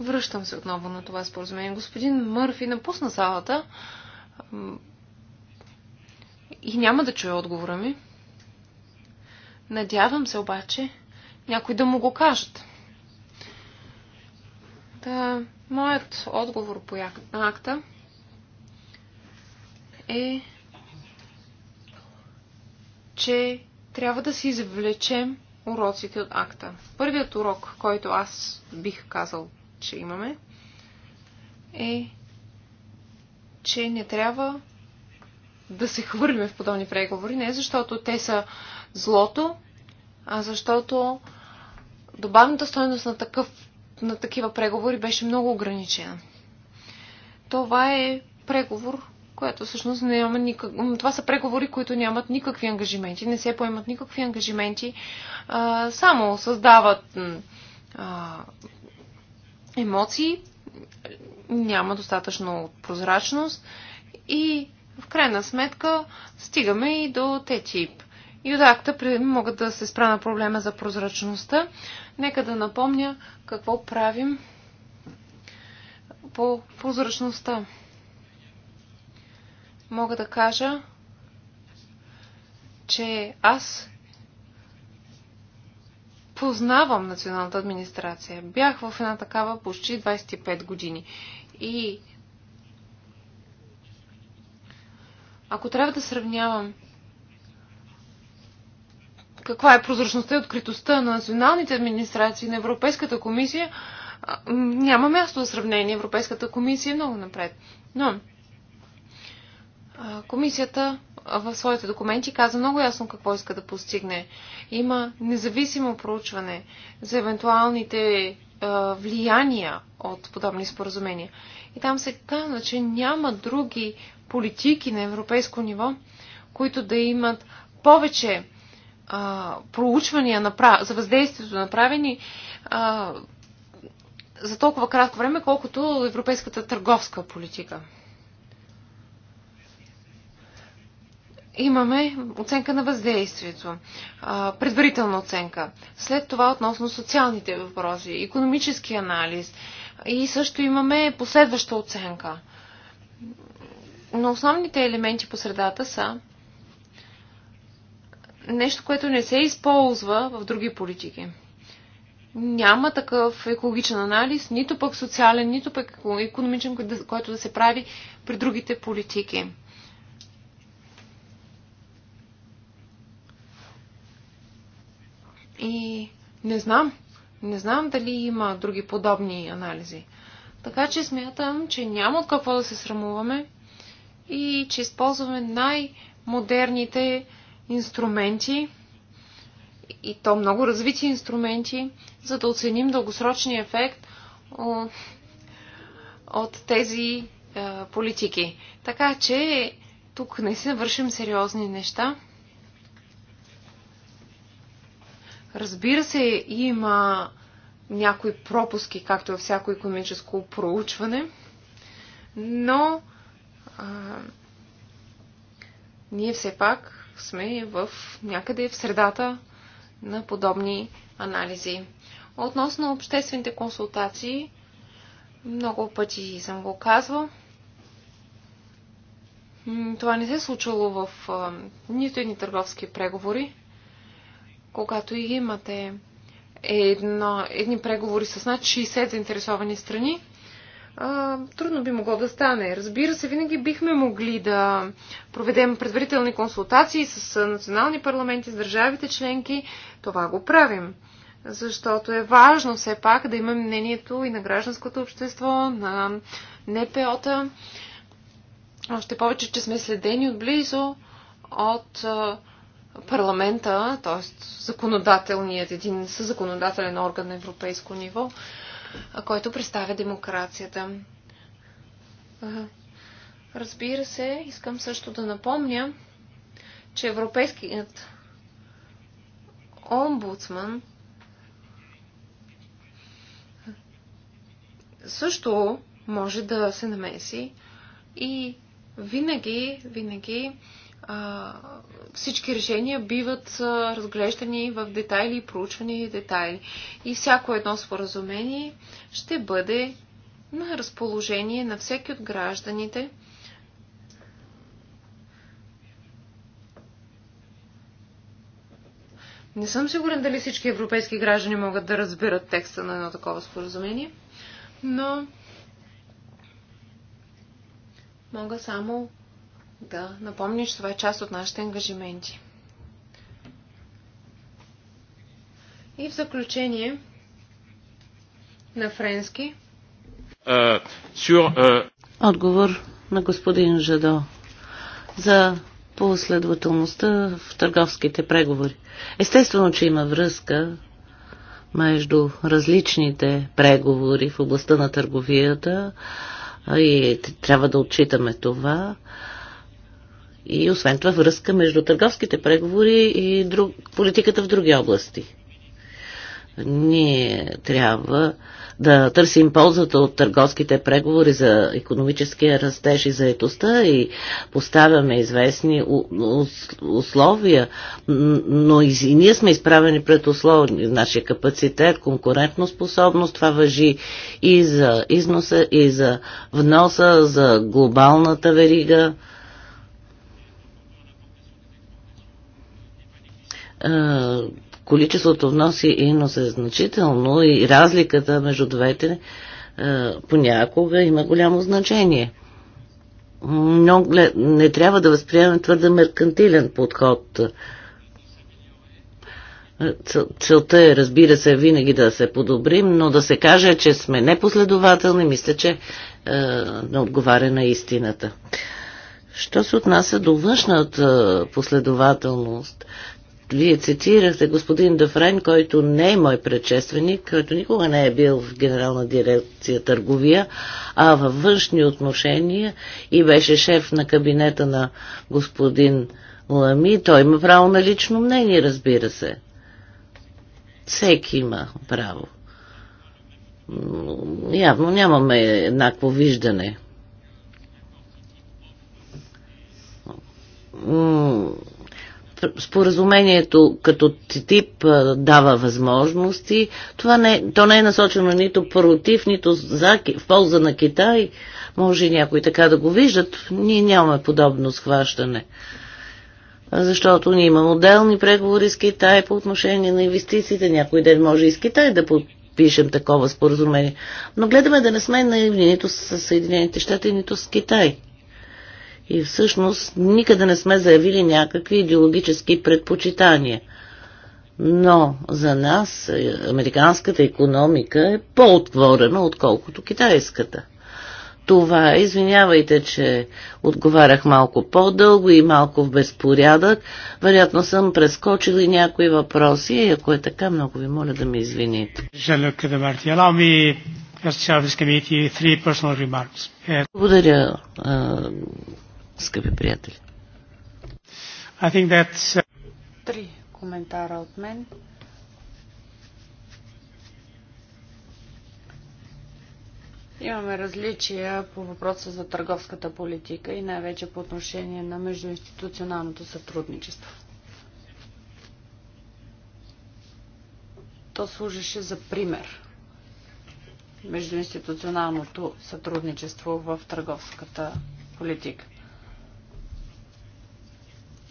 Връщам се отново на това споразумение. Господин Мърфи напусна залата и няма да чуя отговора ми. Надявам се обаче някой да му го кажат. Та, моят отговор по акта е, че трябва да си извлечем уроците от акта. Първият урок, който аз бих казал, че имаме, е, че не трябва да се хвърлим в подобни преговори, не защото те са злото, а защото добавната стоеност на, такъв, на такива преговори беше много ограничена. Това е преговор, което всъщност няма никак... Това са преговори, които нямат никакви ангажименти, не се поемат никакви ангажименти, а, само създават а, емоции, няма достатъчно прозрачност и в крайна сметка стигаме и до те тип. И от акта могат да се спра на проблема за прозрачността. Нека да напомня какво правим по прозрачността мога да кажа, че аз познавам националната администрация. Бях в една такава почти 25 години. И ако трябва да сравнявам каква е прозрачността и откритостта на националните администрации на Европейската комисия, няма място за сравнение. Европейската комисия е много напред. Но Комисията в своите документи каза много ясно какво иска да постигне. Има независимо проучване за евентуалните влияния от подобни споразумения. И там се казва, че няма други политики на европейско ниво, които да имат повече а, проучвания за въздействието направени а, за толкова кратко време, колкото европейската търговска политика. имаме оценка на въздействието, предварителна оценка. След това относно социалните въпроси, економически анализ и също имаме последваща оценка. Но основните елементи по средата са нещо, което не се използва в други политики. Няма такъв екологичен анализ, нито пък социален, нито пък економичен, който да се прави при другите политики. И не знам, не знам дали има други подобни анализи. Така че смятам, че няма от какво да се срамуваме и че използваме най-модерните инструменти и то много развити инструменти, за да оценим дългосрочния ефект от, от тези е, политики. Така че тук не се вършим сериозни неща. Разбира се, има някои пропуски, както във всяко економическо проучване, но а, ние все пак сме в някъде в средата на подобни анализи. Относно обществените консултации, много пъти съм го казвал. Това не се е случило в а, нито едни търговски преговори когато имате едно, едни преговори с над 60 заинтересовани страни, а, трудно би могло да стане. Разбира се, винаги бихме могли да проведем предварителни консултации с национални парламенти, с държавите членки. Това го правим. Защото е важно все пак да имаме мнението и на гражданското общество, на НПО-та. Още повече, че сме следени отблизо от парламента, т.е. законодателният, един съзаконодателен орган на европейско ниво, който представя демокрацията. Разбира се, искам също да напомня, че Европейският омбудсман също може да се намеси и винаги, винаги всички решения биват разглеждани в детайли и проучвани детайли. И всяко едно споразумение ще бъде на разположение на всеки от гражданите, Не съм сигурен дали всички европейски граждани могат да разбират текста на едно такова споразумение, но мога само да напомня, че това е част от нашите ангажименти. И в заключение на френски. Uh, sur, uh... Отговор на господин Жадо за последователността в търговските преговори. Естествено, че има връзка между различните преговори в областта на търговията и трябва да отчитаме това и освен това връзка между търговските преговори и друг, политиката в други области. Ние трябва да търсим ползата от търговските преговори за економическия растеж и заетостта и поставяме известни условия, но и ние сме изправени пред условия. Нашия капацитет, конкурентно способност, това въжи и за износа, и за вноса, за глобалната верига количеството вноси и износ е значително и разликата между двете понякога има голямо значение. Но не трябва да възприемем твърде меркантилен подход. Целта е, разбира се, винаги да се подобрим, но да се каже, че сме непоследователни, мисля, че е, не отговаря на истината. Що се отнася до външната последователност, вие цитирахте господин Дафрен, който не е мой предшественик, който никога не е бил в генерална дирекция търговия, а във външни отношения и беше шеф на кабинета на господин Лами. Той има право на лично мнение, разбира се. Всеки има право. Явно нямаме еднакво виждане Споразумението като тип дава възможности. Това не, то не е насочено нито против, нито за, в полза на Китай. Може и някои така да го виждат. Ние нямаме подобно схващане. Защото ние имаме отделни преговори с Китай по отношение на инвестициите. Някой ден може и с Китай да подпишем такова споразумение. Но гледаме да не сме наивни нито с Съединените щати, нито с Китай. И всъщност никъде не сме заявили някакви идеологически предпочитания. Но за нас е, американската економика е по-отворена, отколкото китайската. Това е, извинявайте, че отговарях малко по-дълго и малко в безпорядък. Вероятно съм прескочил и някои въпроси и ако е така, много ви моля да ме извините. Благодаря, скъпи приятели. I think that's... Uh, Три коментара от мен. Имаме различия по въпроса за търговската политика и най-вече по отношение на междуинституционалното сътрудничество. То служеше за пример междуинституционалното сътрудничество в търговската политика.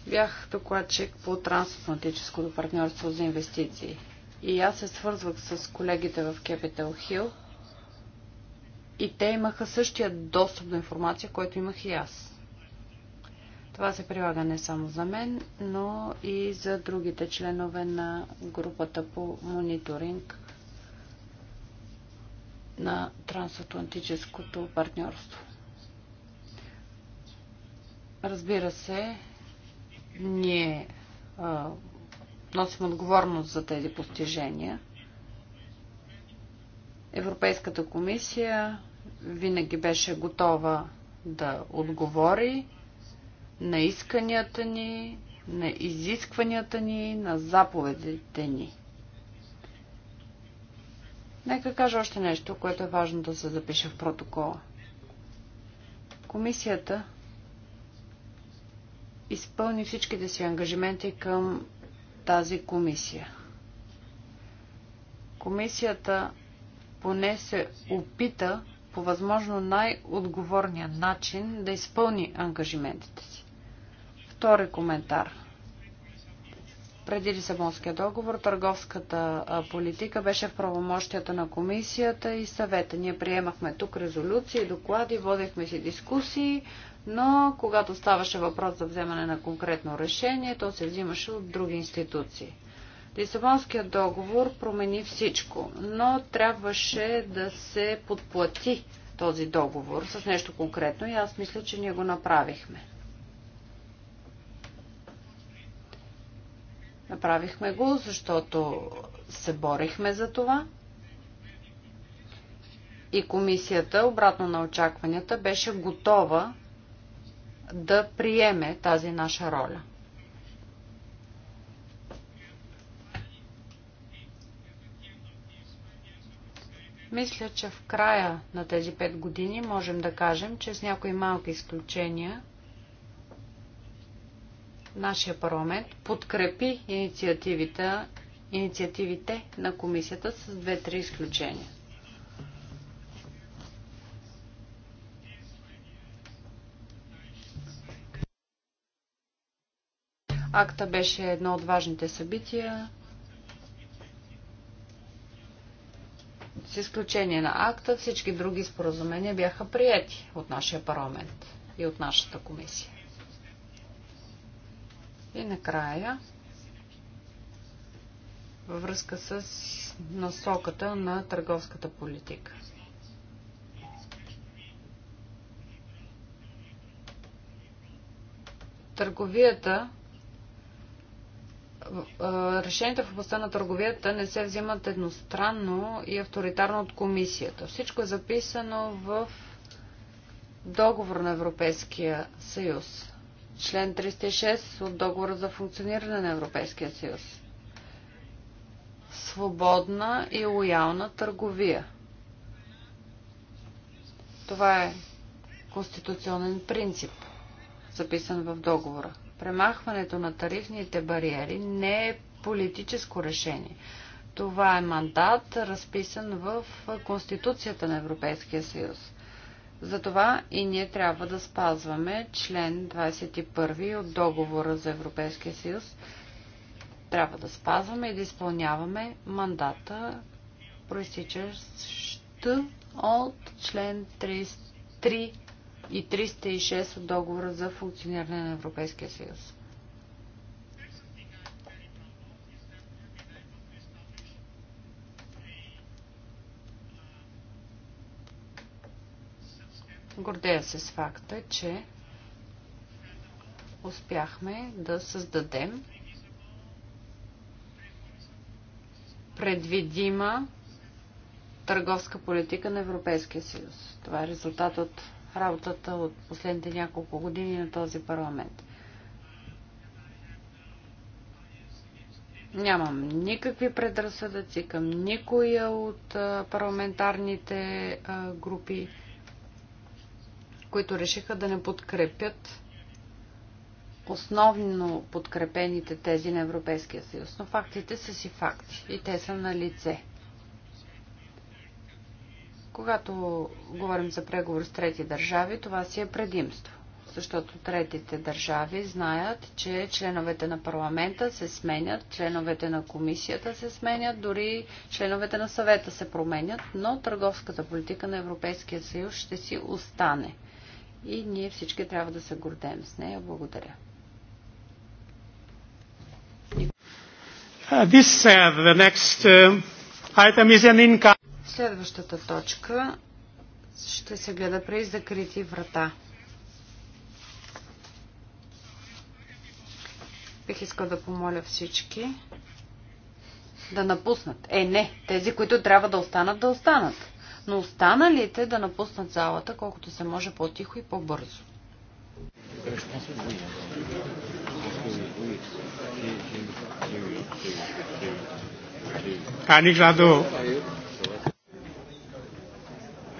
Бях докладчик по трансатлантическото партньорство за инвестиции. И аз се свързвах с колегите в Capital Hill и те имаха същия достъп до информация, който имах и аз. Това се прилага не само за мен, но и за другите членове на групата по мониторинг на трансатлантическото партньорство. Разбира се, ние а, носим отговорност за тези постижения. Европейската комисия винаги беше готова да отговори на исканията ни, на изискванията ни, на заповедите ни. Нека кажа още нещо, което е важно да се запише в протокола. Комисията изпълни всичките си ангажименти към тази комисия. Комисията поне се опита по възможно най-отговорния начин да изпълни ангажиментите си. Втори коментар. Преди Лисабонския договор търговската политика беше в правомощията на комисията и съвета. Ние приемахме тук резолюции, доклади, водехме си дискусии, но когато ставаше въпрос за вземане на конкретно решение, то се взимаше от други институции. Лисабонският договор промени всичко, но трябваше да се подплати този договор с нещо конкретно и аз мисля, че ние го направихме. Направихме го, защото се борихме за това. И комисията, обратно на очакванията, беше готова да приеме тази наша роля. Мисля, че в края на тези пет години можем да кажем, че с някои малки изключения нашия парламент подкрепи инициативите на комисията с две-три изключения. Акта беше едно от важните събития. С изключение на акта, всички други споразумения бяха прияти от нашия парламент и от нашата комисия. И накрая, във връзка с насоката на търговската политика. Търговията решенията в областта на търговията не се взимат едностранно и авторитарно от комисията. Всичко е записано в договор на Европейския съюз. Член 306 от договора за функциониране на Европейския съюз. Свободна и лоялна търговия. Това е конституционен принцип, записан в договора. Премахването на тарифните бариери не е политическо решение. Това е мандат, разписан в Конституцията на Европейския съюз. Затова и ние трябва да спазваме член 21 от договора за Европейския съюз. Трябва да спазваме и да изпълняваме мандата, проистичащ от член 33 и 306 от договора за функциониране на Европейския съюз. Гордея се с факта, че успяхме да създадем предвидима търговска политика на Европейския съюз. Това е резултат от работата от последните няколко години на този парламент. Нямам никакви предразсъдъци към никоя от парламентарните групи, които решиха да не подкрепят основно подкрепените тези на Европейския съюз. Но фактите са си факти и те са на лице. Когато говорим за преговор с трети държави, това си е предимство, защото третите държави знаят, че членовете на парламента се сменят, членовете на комисията се сменят, дори членовете на съвета се променят, но търговската политика на Европейския съюз ще си остане. И ние всички трябва да се гордеем с нея. Благодаря. Uh, this, uh, the next uh, item is an Следващата точка ще се гледа при закрити врата. Бих искал да помоля всички да напуснат. Е, не, тези, които трябва да останат, да останат. Но останалите да напуснат залата, колкото се може по-тихо и по-бързо. Ani Žado.